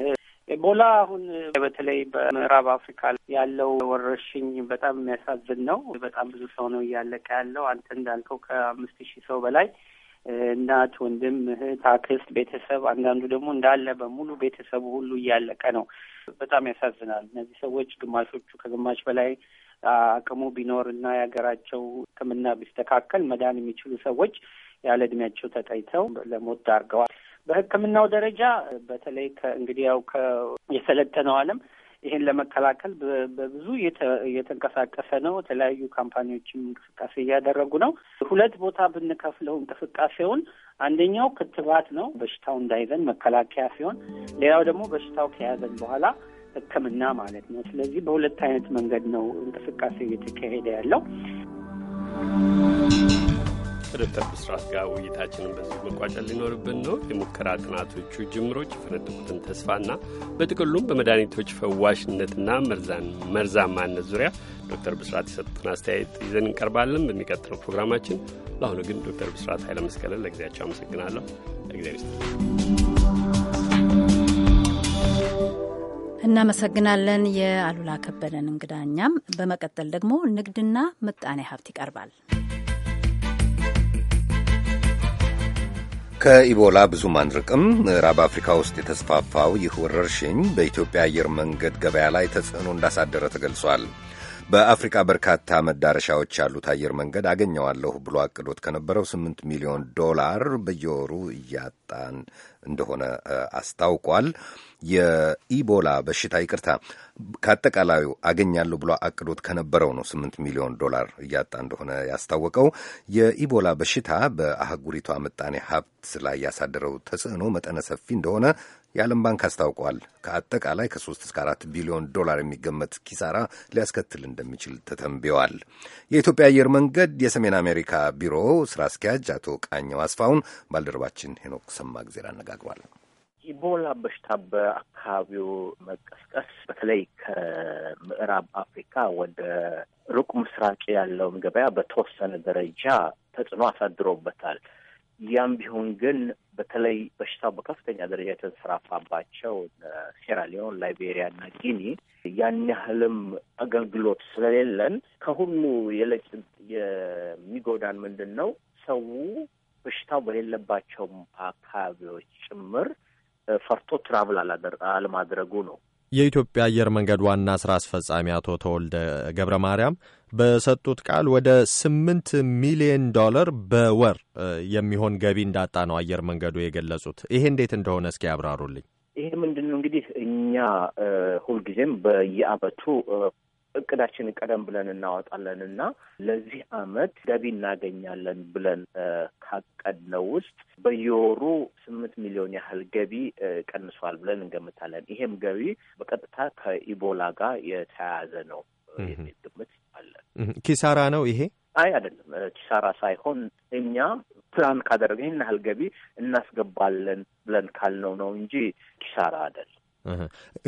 Speaker 11: ኤቦላ አሁን በተለይ በምዕራብ አፍሪካ ያለው ወረርሽኝ በጣም የሚያሳዝን ነው። በጣም ብዙ ሰው ነው እያለቀ ያለው። አንተ እንዳልከው ከአምስት ሺህ ሰው በላይ እናት፣ ወንድም፣ እህት፣ አክስት፣ ቤተሰብ አንዳንዱ ደግሞ እንዳለ በሙሉ ቤተሰቡ ሁሉ እያለቀ ነው። በጣም ያሳዝናል። እነዚህ ሰዎች ግማሾቹ ከግማሽ በላይ አቅሙ ቢኖር እና የሀገራቸው ሕክምና ቢስተካከል መዳን የሚችሉ ሰዎች ያለ እድሜያቸው ተጠይተው ለሞት ዳርገዋል። በሕክምናው ደረጃ በተለይ እንግዲህ ያው የሰለጠነው ዓለም ይህን ለመከላከል በብዙ እየተንቀሳቀሰ ነው። የተለያዩ ካምፓኒዎችም እንቅስቃሴ እያደረጉ ነው። ሁለት ቦታ ብንከፍለው እንቅስቃሴውን አንደኛው ክትባት ነው፣ በሽታው እንዳይዘን መከላከያ ሲሆን፣ ሌላው ደግሞ በሽታው ከያዘን በኋላ ሕክምና ማለት ነው። ስለዚህ በሁለት አይነት መንገድ ነው እንቅስቃሴ እየተካሄደ ያለው።
Speaker 9: ከዶክተር ብስራት ጋር ውይይታችንን በዚህ መቋጨት ሊኖርብን ነው። የሙከራ ጥናቶቹ ጅምሮች የፈነጠቁትን ተስፋና በጥቅሉም በመድኃኒቶች ፈዋሽነትና መርዛማነት ዙሪያ ዶክተር ብስራት የሰጡትን አስተያየት ይዘን እንቀርባለን በሚቀጥለው ፕሮግራማችን። ለአሁኑ ግን ዶክተር ብስራት ኃይለ መስቀልን ለጊዜያቸው አመሰግናለሁ።
Speaker 2: እግዚአብሔር
Speaker 1: እናመሰግናለን የአሉላ ከበደን እንግዳኛም በመቀጠል ደግሞ ንግድና ምጣኔ ሀብት ይቀርባል።
Speaker 2: ከኢቦላ ብዙ አንርቅም። ምዕራብ አፍሪካ ውስጥ የተስፋፋው ይህ ወረርሽኝ በኢትዮጵያ አየር መንገድ ገበያ ላይ ተጽዕኖ እንዳሳደረ ተገልጿል። በአፍሪካ በርካታ መዳረሻዎች ያሉት አየር መንገድ አገኘዋለሁ ብሎ አቅዶት ከነበረው 8 ሚሊዮን ዶላር በየወሩ እያጣን እንደሆነ አስታውቋል። የኢቦላ በሽታ ይቅርታ ከአጠቃላዩ አገኛለሁ ብሎ አቅዶት ከነበረው ነው ስምንት ሚሊዮን ዶላር እያጣ እንደሆነ ያስታወቀው። የኢቦላ በሽታ በአህጉሪቷ ምጣኔ ሀብት ላይ ያሳደረው ተጽዕኖ መጠነ ሰፊ እንደሆነ የዓለም ባንክ አስታውቋል። ከአጠቃላይ ከሶስት እስከ አራት ቢሊዮን ዶላር የሚገመት ኪሳራ ሊያስከትል እንደሚችል ተተንብየዋል። የኢትዮጵያ አየር መንገድ የሰሜን አሜሪካ ቢሮ ስራ አስኪያጅ አቶ ቃኘው አስፋውን ባልደረባችን ሄኖክ ሰማግዜር አነጋግሯል።
Speaker 6: ኢቦላ በሽታ በአካባቢው መቀስቀስ በተለይ ከምዕራብ አፍሪካ ወደ ሩቅ ምስራቅ ያለውን ገበያ በተወሰነ ደረጃ ተጽዕኖ አሳድሮበታል። ያም ቢሆን ግን በተለይ በሽታው በከፍተኛ ደረጃ የተንሰራፋባቸው ሴራሊዮን፣ ላይቤሪያ እና ጊኒ ያን ያህልም አገልግሎት ስለሌለን ከሁሉ የለጭ የሚጎዳን ምንድን ነው ሰው በሽታው በሌለባቸውም አካባቢዎች ጭምር ፈርቶ ትራቭል አለማድረጉ ነው።
Speaker 7: የኢትዮጵያ አየር መንገድ ዋና ስራ አስፈጻሚ አቶ ተወልደ ገብረ ማርያም በሰጡት ቃል ወደ ስምንት ሚሊዮን ዶላር በወር የሚሆን ገቢ እንዳጣ ነው አየር መንገዱ የገለጹት። ይሄ እንዴት እንደሆነ እስኪ ያብራሩልኝ።
Speaker 6: ይሄ ምንድን ነው እንግዲህ እኛ ሁልጊዜም በየአመቱ እቅዳችንን ቀደም ብለን እናወጣለን እና ለዚህ አመት ገቢ እናገኛለን ብለን ካቀድነው ውስጥ በየወሩ ስምንት ሚሊዮን ያህል ገቢ ቀንሷል ብለን እንገምታለን። ይሄም ገቢ በቀጥታ ከኢቦላ ጋር የተያያዘ ነው የሚል ግምት
Speaker 7: አለን። ኪሳራ ነው ይሄ?
Speaker 6: አይ አይደለም፣ ኪሳራ ሳይሆን እኛ ፕላን ካደረገ ይህን ያህል ገቢ እናስገባለን ብለን ካልነው ነው እንጂ ኪሳራ አይደለም።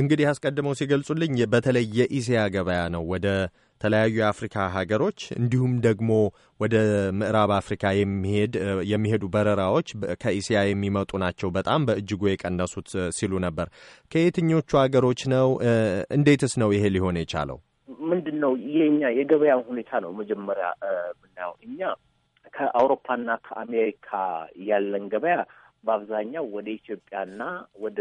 Speaker 7: እንግዲህ አስቀድመው ሲገልጹልኝ በተለይ የኢሲያ ገበያ ነው ወደ ተለያዩ የአፍሪካ ሀገሮች እንዲሁም ደግሞ ወደ ምዕራብ አፍሪካ የሚሄድ የሚሄዱ በረራዎች ከኢሲያ የሚመጡ ናቸው በጣም በእጅጉ የቀነሱት ሲሉ ነበር። ከየትኞቹ ሀገሮች ነው? እንዴትስ ነው ይሄ ሊሆን የቻለው?
Speaker 6: ምንድን ነው የኛ የገበያ ሁኔታ ነው መጀመሪያ ምናየው እኛ ከአውሮፓና ከአሜሪካ ያለን ገበያ በአብዛኛው ወደ ኢትዮጵያና ወደ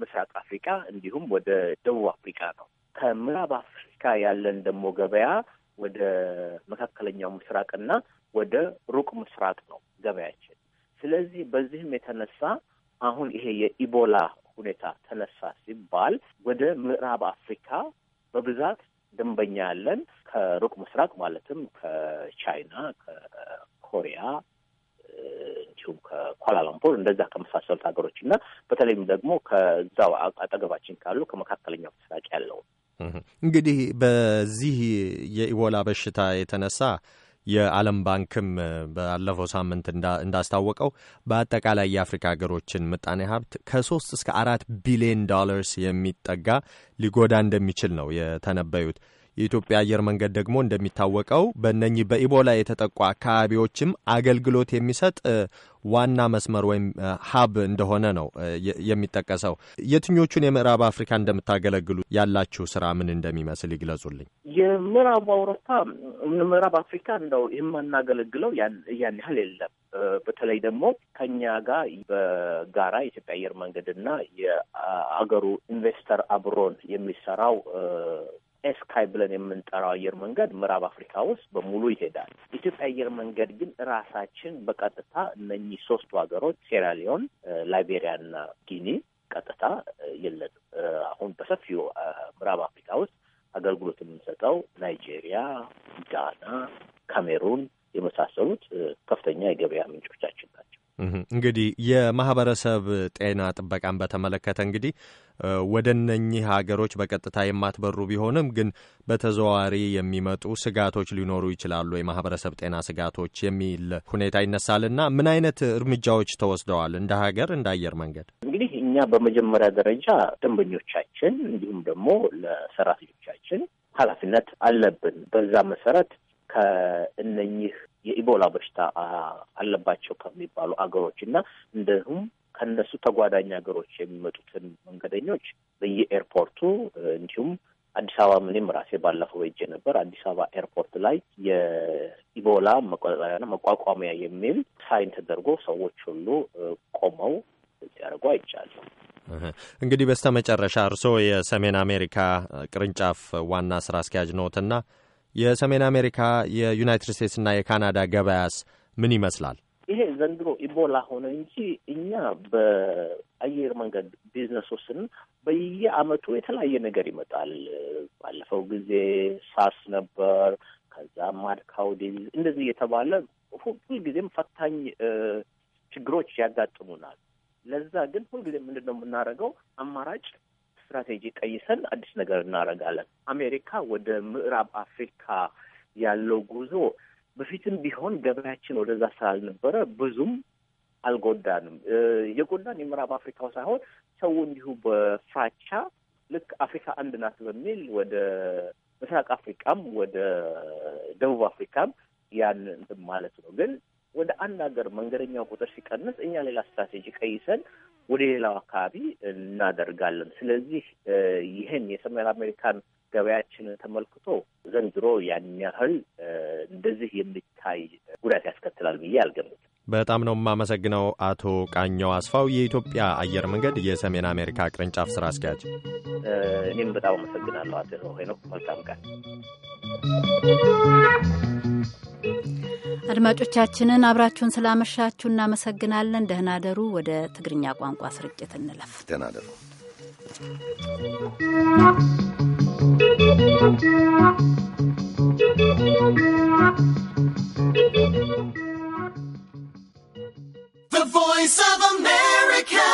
Speaker 6: ምስራቅ አፍሪካ እንዲሁም ወደ ደቡብ አፍሪካ ነው። ከምዕራብ አፍሪካ ያለን ደግሞ ገበያ ወደ መካከለኛው ምስራቅና ወደ ሩቅ ምስራቅ ነው ገበያችን። ስለዚህ በዚህም የተነሳ አሁን ይሄ የኢቦላ ሁኔታ ተነሳ ሲባል ወደ ምዕራብ አፍሪካ በብዛት ደንበኛ ያለን ከሩቅ ምስራቅ ማለትም ከቻይና፣ ከኮሪያ፣ እንዲሁም ከኳላላምፖር እንደዛ ከመሳሰሉት ሀገሮች እና በተለይም ደግሞ ከዛው አጠገባችን ካሉ ከመካከለኛው ምስራቅ ያለው
Speaker 7: እንግዲህ በዚህ የኢቦላ በሽታ የተነሳ የዓለም ባንክም ባለፈው ሳምንት እንዳስታወቀው በአጠቃላይ የአፍሪካ ሀገሮችን ምጣኔ ሀብት ከሶስት እስከ አራት ቢሊዮን ዶላርስ የሚጠጋ ሊጎዳ እንደሚችል ነው የተነበዩት። የኢትዮጵያ አየር መንገድ ደግሞ እንደሚታወቀው በእነኚህ በኢቦላ የተጠቁ አካባቢዎችም አገልግሎት የሚሰጥ ዋና መስመር ወይም ሀብ እንደሆነ ነው የሚጠቀሰው። የትኞቹን የምዕራብ አፍሪካ እንደምታገለግሉ ያላችሁ ስራ ምን እንደሚመስል ይግለጹልኝ።
Speaker 6: የምዕራብ አውሮፓ፣ ምዕራብ አፍሪካ እንደው የማናገለግለው ያን ያህል የለም። በተለይ ደግሞ ከኛ ጋር በጋራ የኢትዮጵያ አየር መንገድና የአገሩ ኢንቨስተር አብሮን የሚሰራው ኤስካይ ብለን የምንጠራው አየር መንገድ ምዕራብ አፍሪካ ውስጥ በሙሉ ይሄዳል። ኢትዮጵያ አየር መንገድ ግን ራሳችን በቀጥታ እነኚህ ሶስቱ ሀገሮች ሴራሊዮን፣ ላይቤሪያ እና ጊኒ ቀጥታ የለንም። አሁን በሰፊው ምዕራብ አፍሪካ ውስጥ አገልግሎት የምንሰጠው ናይጄሪያ፣ ጋና፣ ካሜሩን የመሳሰሉት ከፍተኛ የገበያ ምንጮቻችን
Speaker 7: ናቸው። እንግዲህ የማህበረሰብ ጤና ጥበቃን በተመለከተ እንግዲህ ወደ እነኚህ ሀገሮች በቀጥታ የማትበሩ ቢሆንም ግን በተዘዋዋሪ የሚመጡ ስጋቶች ሊኖሩ ይችላሉ፣ የማህበረሰብ ጤና ስጋቶች የሚል ሁኔታ ይነሳልና ምን አይነት እርምጃዎች ተወስደዋል? እንደ ሀገር እንደ አየር መንገድ
Speaker 6: እንግዲህ እኛ በመጀመሪያ ደረጃ ደንበኞቻችን እንዲሁም ደግሞ ለሰራተኞቻችን ኃላፊነት አለብን። በዛ መሰረት ከእነኚህ የኢቦላ በሽታ አለባቸው ከሚባሉ አገሮች እና እንደሁም ከነሱ ተጓዳኝ ሀገሮች የሚመጡትን መንገደኞች በየኤርፖርቱ እንዲሁም አዲስ አበባ ምንም ራሴ ባለፈው ሄጄ ነበር። አዲስ አበባ ኤርፖርት ላይ የኢቦላ መቆጣጠሪያና መቋቋሚያ የሚል ሳይን ተደርጎ ሰዎች ሁሉ ቆመው ሲያደርጉ አይቻለሁ።
Speaker 7: እንግዲህ በስተ መጨረሻ እርስዎ የሰሜን አሜሪካ ቅርንጫፍ ዋና ስራ አስኪያጅ ነዎትና የሰሜን አሜሪካ የዩናይትድ ስቴትስና የካናዳ ገበያስ ምን ይመስላል?
Speaker 6: ይሄ ዘንድሮ ኢቦላ ሆነ እንጂ እኛ በአየር መንገድ ቢዝነስ በየአመቱ የተለያየ ነገር ይመጣል። ባለፈው ጊዜ ሳስ ነበር፣ ከዛ ማድ ዲዚዝ እንደዚህ እየተባለ ሁልጊዜም ፈታኝ ችግሮች ያጋጥሙናል። ለዛ ግን ሁልጊዜ ምንድን ነው የምናደርገው አማራጭ ስትራቴጂ ቀይሰን አዲስ ነገር እናደርጋለን። አሜሪካ ወደ ምዕራብ አፍሪካ ያለው ጉዞ በፊትም ቢሆን ገበያችን ወደዛ ስላልነበረ ብዙም አልጎዳንም። የጎዳን የምዕራብ አፍሪካው ሳይሆን ሰው እንዲሁ በፍራቻ ልክ አፍሪካ አንድ ናት በሚል ወደ ምስራቅ አፍሪካም ወደ ደቡብ አፍሪካም ያን እንትን ማለት ነው። ግን ወደ አንድ ሀገር መንገደኛው ቁጥር ሲቀንስ እኛ ሌላ ስትራቴጂ ቀይሰን ወደ ሌላው አካባቢ እናደርጋለን። ስለዚህ ይህን የሰሜን አሜሪካን ገበያችንን ተመልክቶ ዘንድሮ ያን ያህል እንደዚህ የሚታይ ጉዳት ያስከትላል ብዬ አልገምትም።
Speaker 7: በጣም ነው የማመሰግነው አቶ ቃኘው አስፋው የኢትዮጵያ አየር መንገድ የሰሜን አሜሪካ ቅርንጫፍ ስራ አስኪያጅ። እኔም በጣም አመሰግናለሁ አቶ ሄኖክ። መልካም ቀን።
Speaker 1: አድማጮቻችንን አብራችሁን ስላመሻችሁ እናመሰግናለን። ደህና ደሩ። ወደ ትግርኛ ቋንቋ ስርጭት እንለፍ። ደህና ደሩ። The
Speaker 13: Voice of America